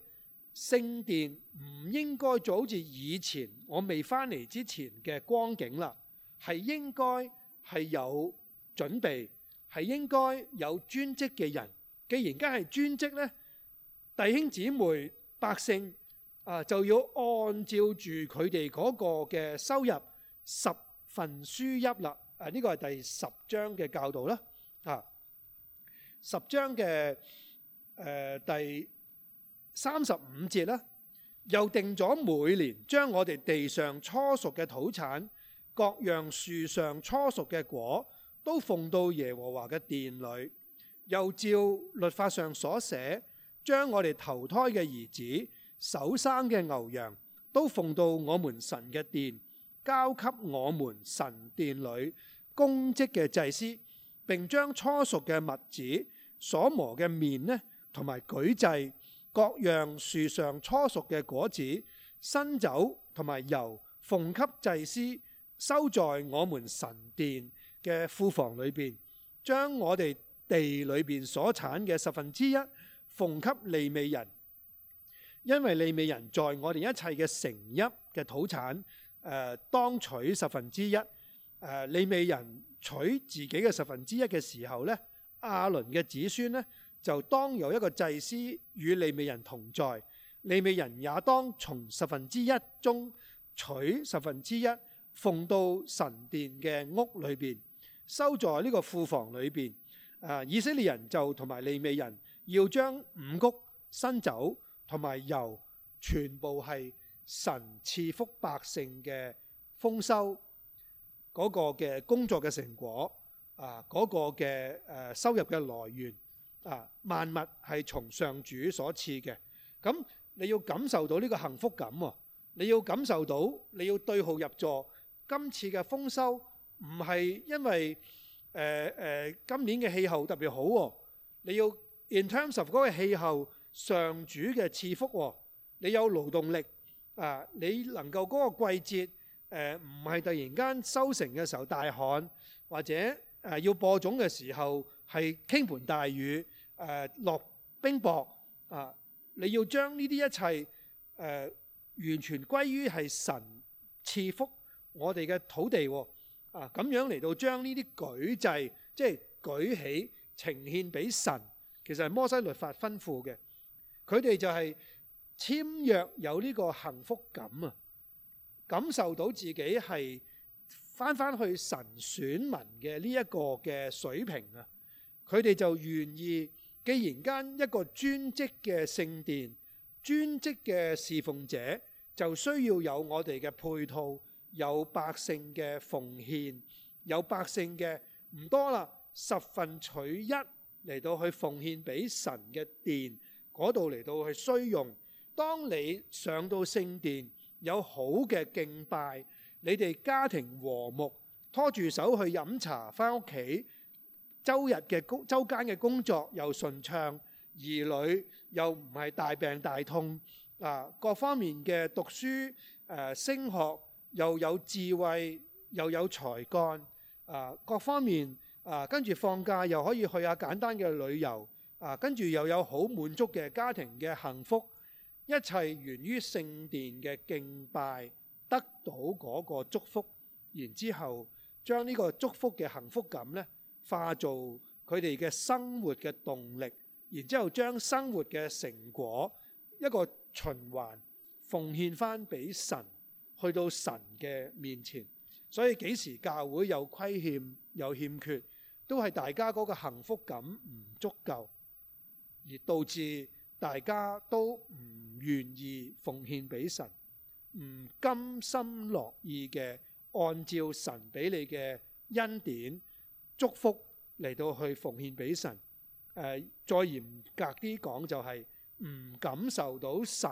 聖殿唔應該做好似以前我未翻嚟之前嘅光景啦，係應該係有準備，係應該有專職嘅人。既然家係專職呢，弟兄姊妹、百姓啊，就要按照住佢哋嗰個嘅收入十份輸一啦。啊，呢個係第十章嘅教導啦。啊，十章嘅誒、呃、第三十五節啦，又定咗每年將我哋地上初熟嘅土產、各樣樹上初熟嘅果，都奉到耶和華嘅殿裏。又照律法上所寫，將我哋頭胎嘅兒子、首生嘅牛羊，都奉到我們神嘅殿，交給我們神殿裏供職嘅祭司。並將初熟嘅麥子、所磨嘅麵呢，同埋舉祭各樣樹上初熟嘅果子、新酒同埋油，奉給祭司收在我們神殿嘅庫房裏邊。將我哋地裏邊所產嘅十分之一，奉給利未人，因為利未人在我哋一切嘅成邑嘅土產，誒、呃、當取十分之一。誒、呃，利未人取自己嘅十分之一嘅時候呢，亞倫嘅子孫呢，就當有一個祭司與利未人同在，利未人也當從十分之一中取十分之一，奉到神殿嘅屋裏邊，收在呢個庫房裏邊。啊！以色列人就同埋利未人要將五穀、新酒同埋油，全部係神賜福百姓嘅豐收嗰個嘅工作嘅成果啊！嗰個嘅誒收入嘅來源啊，萬物係從上主所賜嘅。咁你要感受到呢個幸福感喎，你要感受到，你要對號入座。今次嘅豐收唔係因為。呃、今年嘅氣候特別好喎、哦。你要 in terms of 嗰個氣候，上主嘅賜福喎、哦。你有勞動力啊，你能夠嗰個季節唔係、啊、突然間收成嘅時候大旱，或者要播種嘅時候係傾盆大雨、啊、落冰雹啊。你要將呢啲一切、啊、完全歸於係神賜福我哋嘅土地喎、哦。啊，咁樣嚟到將呢啲舉祭即係舉起呈獻俾神，其實係摩西律法吩咐嘅。佢哋就係簽約有呢個幸福感啊，感受到自己係返返去神選民嘅呢一個嘅水平啊。佢哋就願意，既然間一個專職嘅聖殿、專職嘅侍奉者，就需要有我哋嘅配套。有百姓嘅奉獻，有百姓嘅唔多啦，十分取一嚟到去奉獻俾神嘅殿嗰度嚟到去需用。當你上到聖殿有好嘅敬拜，你哋家庭和睦，拖住手去飲茶翻屋企，週日嘅工、週間嘅工作又順暢，兒女又唔係大病大痛啊，各方面嘅讀書誒升學。又有智慧，又有才幹，啊，各方面啊，跟住放假又可以去下簡單嘅旅遊，啊，跟住又有好滿足嘅家庭嘅幸福，一切源於聖殿嘅敬拜，得到嗰個祝福，然之後將呢個祝福嘅幸福感呢化做佢哋嘅生活嘅動力，然之後將生活嘅成果一個循環奉獻翻俾神。去到神嘅面前，所以幾時教會有虧欠有欠缺，都係大家嗰個幸福感唔足夠，而導致大家都唔願意奉獻俾神，唔甘心樂意嘅按照神俾你嘅恩典祝福嚟到去奉獻俾神。誒，再嚴格啲講，就係唔感受到神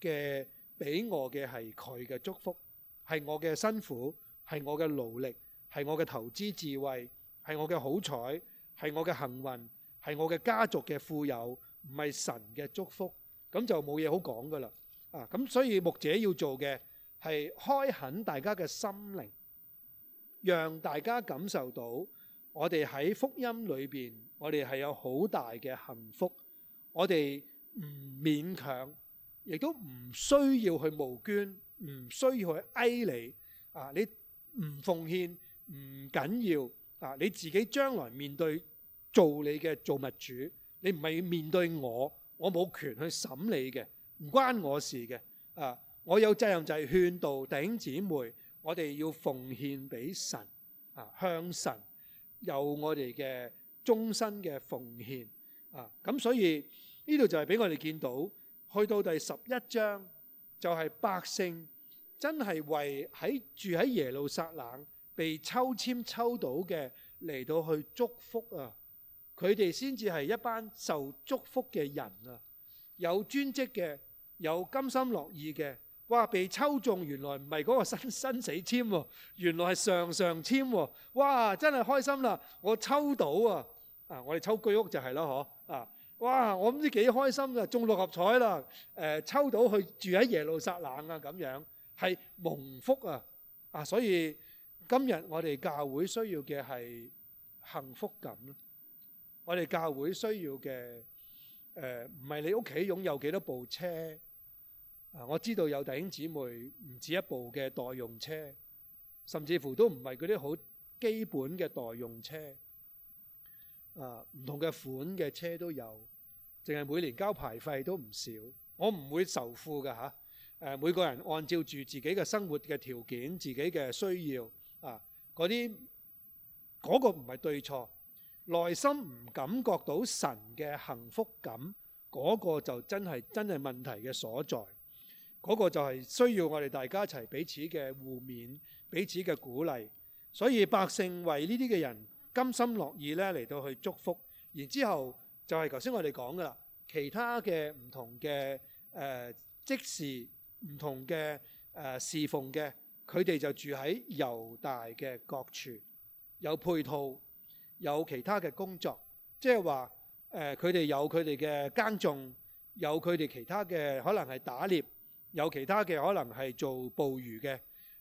嘅。俾我嘅係佢嘅祝福，係我嘅辛苦，係我嘅勞力，係我嘅投資智慧，係我嘅好彩，係我嘅幸運，係我嘅家族嘅富有，唔係神嘅祝福，咁就冇嘢好講噶啦。啊，咁所以牧者要做嘅係開墾大家嘅心靈，讓大家感受到我哋喺福音裏邊，我哋係有好大嘅幸福，我哋唔勉強。亦都唔需要去募捐，唔需要去哀你啊！你唔奉獻唔緊要啊！你自己將來面對做你嘅造物主，你唔係要面對我，我冇權去審你嘅，唔關我事嘅啊！我有責任就係勸導弟兄姊妹，我哋要奉獻俾神啊，向神有我哋嘅終身嘅奉獻啊！咁所以呢度就係俾我哋見到。去到第十一章，就係百姓真係為喺住喺耶路撒冷被抽籤抽到嘅嚟到去祝福啊！佢哋先至係一班受祝福嘅人啊！有專職嘅，有甘心樂意嘅。哇！被抽中原來唔係嗰個生生死籤喎，原來係上上籤喎。哇！真係開心啦！我抽到啊！啊，我哋抽居屋就係啦，嗬啊！哇！我唔知幾開心嘅，中六合彩啦，誒抽到去住喺耶路撒冷啊，咁樣係蒙福啊！啊，所以今日我哋教會需要嘅係幸福感咧。我哋教會需要嘅誒，唔係你屋企擁有幾多部車啊！我知道有弟兄姊妹唔止一部嘅代用車，甚至乎都唔係嗰啲好基本嘅代用車啊，唔同嘅款嘅車都有。淨係每年交牌費都唔少，我唔會仇富㗎吓。誒，每個人按照住自己嘅生活嘅條件、自己嘅需要啊，嗰啲嗰個唔係對錯，內心唔感覺到神嘅幸福感，嗰個就真係真係問題嘅所在。嗰個就係需要我哋大家一齊彼此嘅互勉、彼此嘅鼓勵。所以百姓為呢啲嘅人甘心樂意咧嚟到去祝福，然之後。就係頭先我哋講嘅啦，其他嘅唔同嘅誒，職事唔同嘅誒侍奉嘅，佢哋就住喺猶大嘅各處，有配套，有其他嘅工作，即係話誒，佢哋有佢哋嘅耕種，有佢哋其他嘅可能係打獵，有其他嘅可能係做捕魚嘅，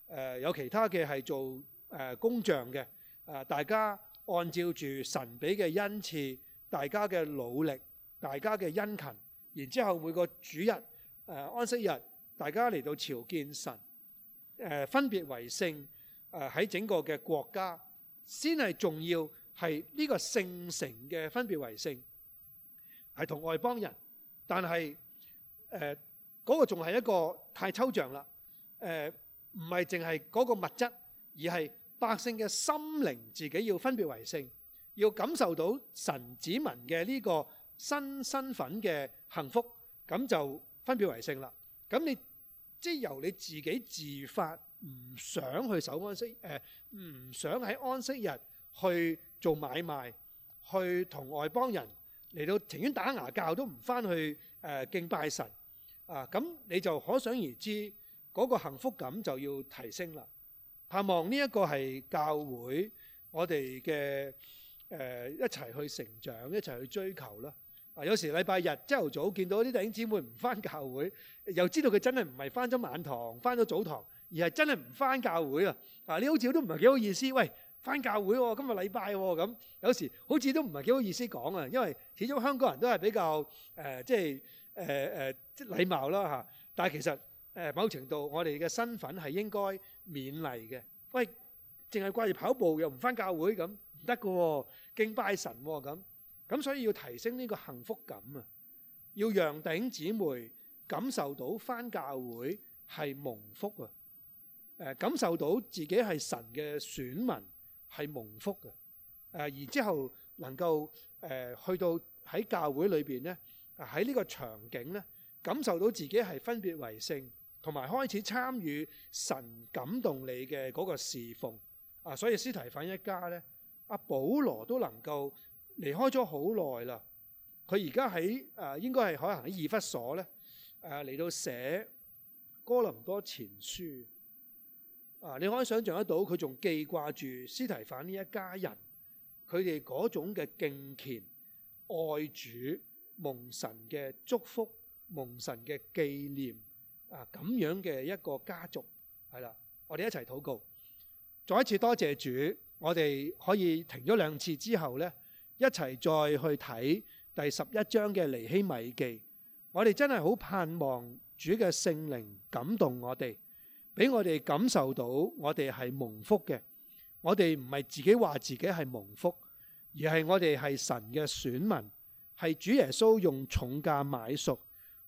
誒有其他嘅係做誒工匠嘅，誒大家按照住神俾嘅恩賜。大家嘅努力，大家嘅殷勤，然之後每個主日、誒、呃、安息日，大家嚟到朝見神，誒、呃、分別為聖。誒、呃、喺整個嘅國家先係重要是這，係呢個聖城嘅分別為聖，係同外邦人。但係誒嗰個仲係一個太抽象啦，誒唔係淨係嗰個物質，而係百姓嘅心靈自己要分別為聖。要感受到神子民嘅呢個新身份嘅幸福，咁就分別為聖啦。咁你即係由你自己自發唔想去守安息，誒唔想喺安息日去做買賣，去同外邦人嚟到情願打牙教都唔返去誒敬拜神啊，咁你就可想而知嗰個幸福感就要提升啦。盼望呢一個係教會我哋嘅。誒一齊去成長，一齊去追求啦！啊，有時禮拜日朝頭早見到啲弟兄姊妹唔翻教會，又知道佢真係唔係翻咗晚堂，翻咗早堂，而係真係唔翻教會啊！啊，你好似都唔係幾好意思，喂，翻教會喎，今日禮拜喎，咁有時好似都唔係幾好意思講啊，因為始終香港人都係比較誒，即係誒誒禮貌啦嚇。但係其實誒某程度我哋嘅身份係應該勉勵嘅。喂，淨係掛住跑步又唔翻教會咁。唔得噶敬拜神咁咁，所以要提升呢個幸福感啊！要讓頂姊妹感受到返教會係蒙福啊，誒，感受到自己係神嘅選民係蒙福嘅，誒，然之後能夠誒去到喺教會裏邊咧，喺呢個場景咧，感受到自己係分別為聖，同埋開始參與神感動你嘅嗰個侍奉啊！所以司提反一家咧。阿，保羅都能夠離開咗好耐啦，佢而家喺啊，應該係可能喺以弗所咧，誒嚟到寫哥林多前書啊，你可以想象得到佢仲記掛住斯提反呢一家人，佢哋嗰種嘅敬虔、愛主、蒙神嘅祝福、蒙神嘅紀念啊，咁樣嘅一個家族，係啦，我哋一齊禱告，再一次多謝主。我哋可以停咗兩次之後呢一齊再去睇第十一章嘅尼希米記。我哋真係好盼望主嘅聖靈感動我哋，俾我哋感受到我哋係蒙福嘅。我哋唔係自己話自己係蒙福，而係我哋係神嘅選民，係主耶穌用重價買贖。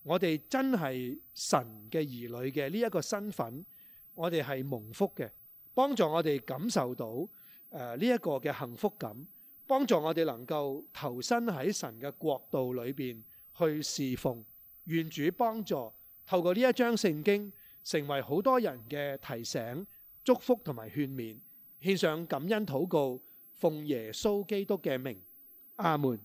我哋真係神嘅兒女嘅呢一個身份，我哋係蒙福嘅，幫助我哋感受到。誒，呢一個嘅幸福感，幫助我哋能夠投身喺神嘅國度裏邊去侍奉，願主幫助透過呢一章聖經，成為好多人嘅提醒、祝福同埋勸勉，獻上感恩禱告，奉耶穌基督嘅名，阿門。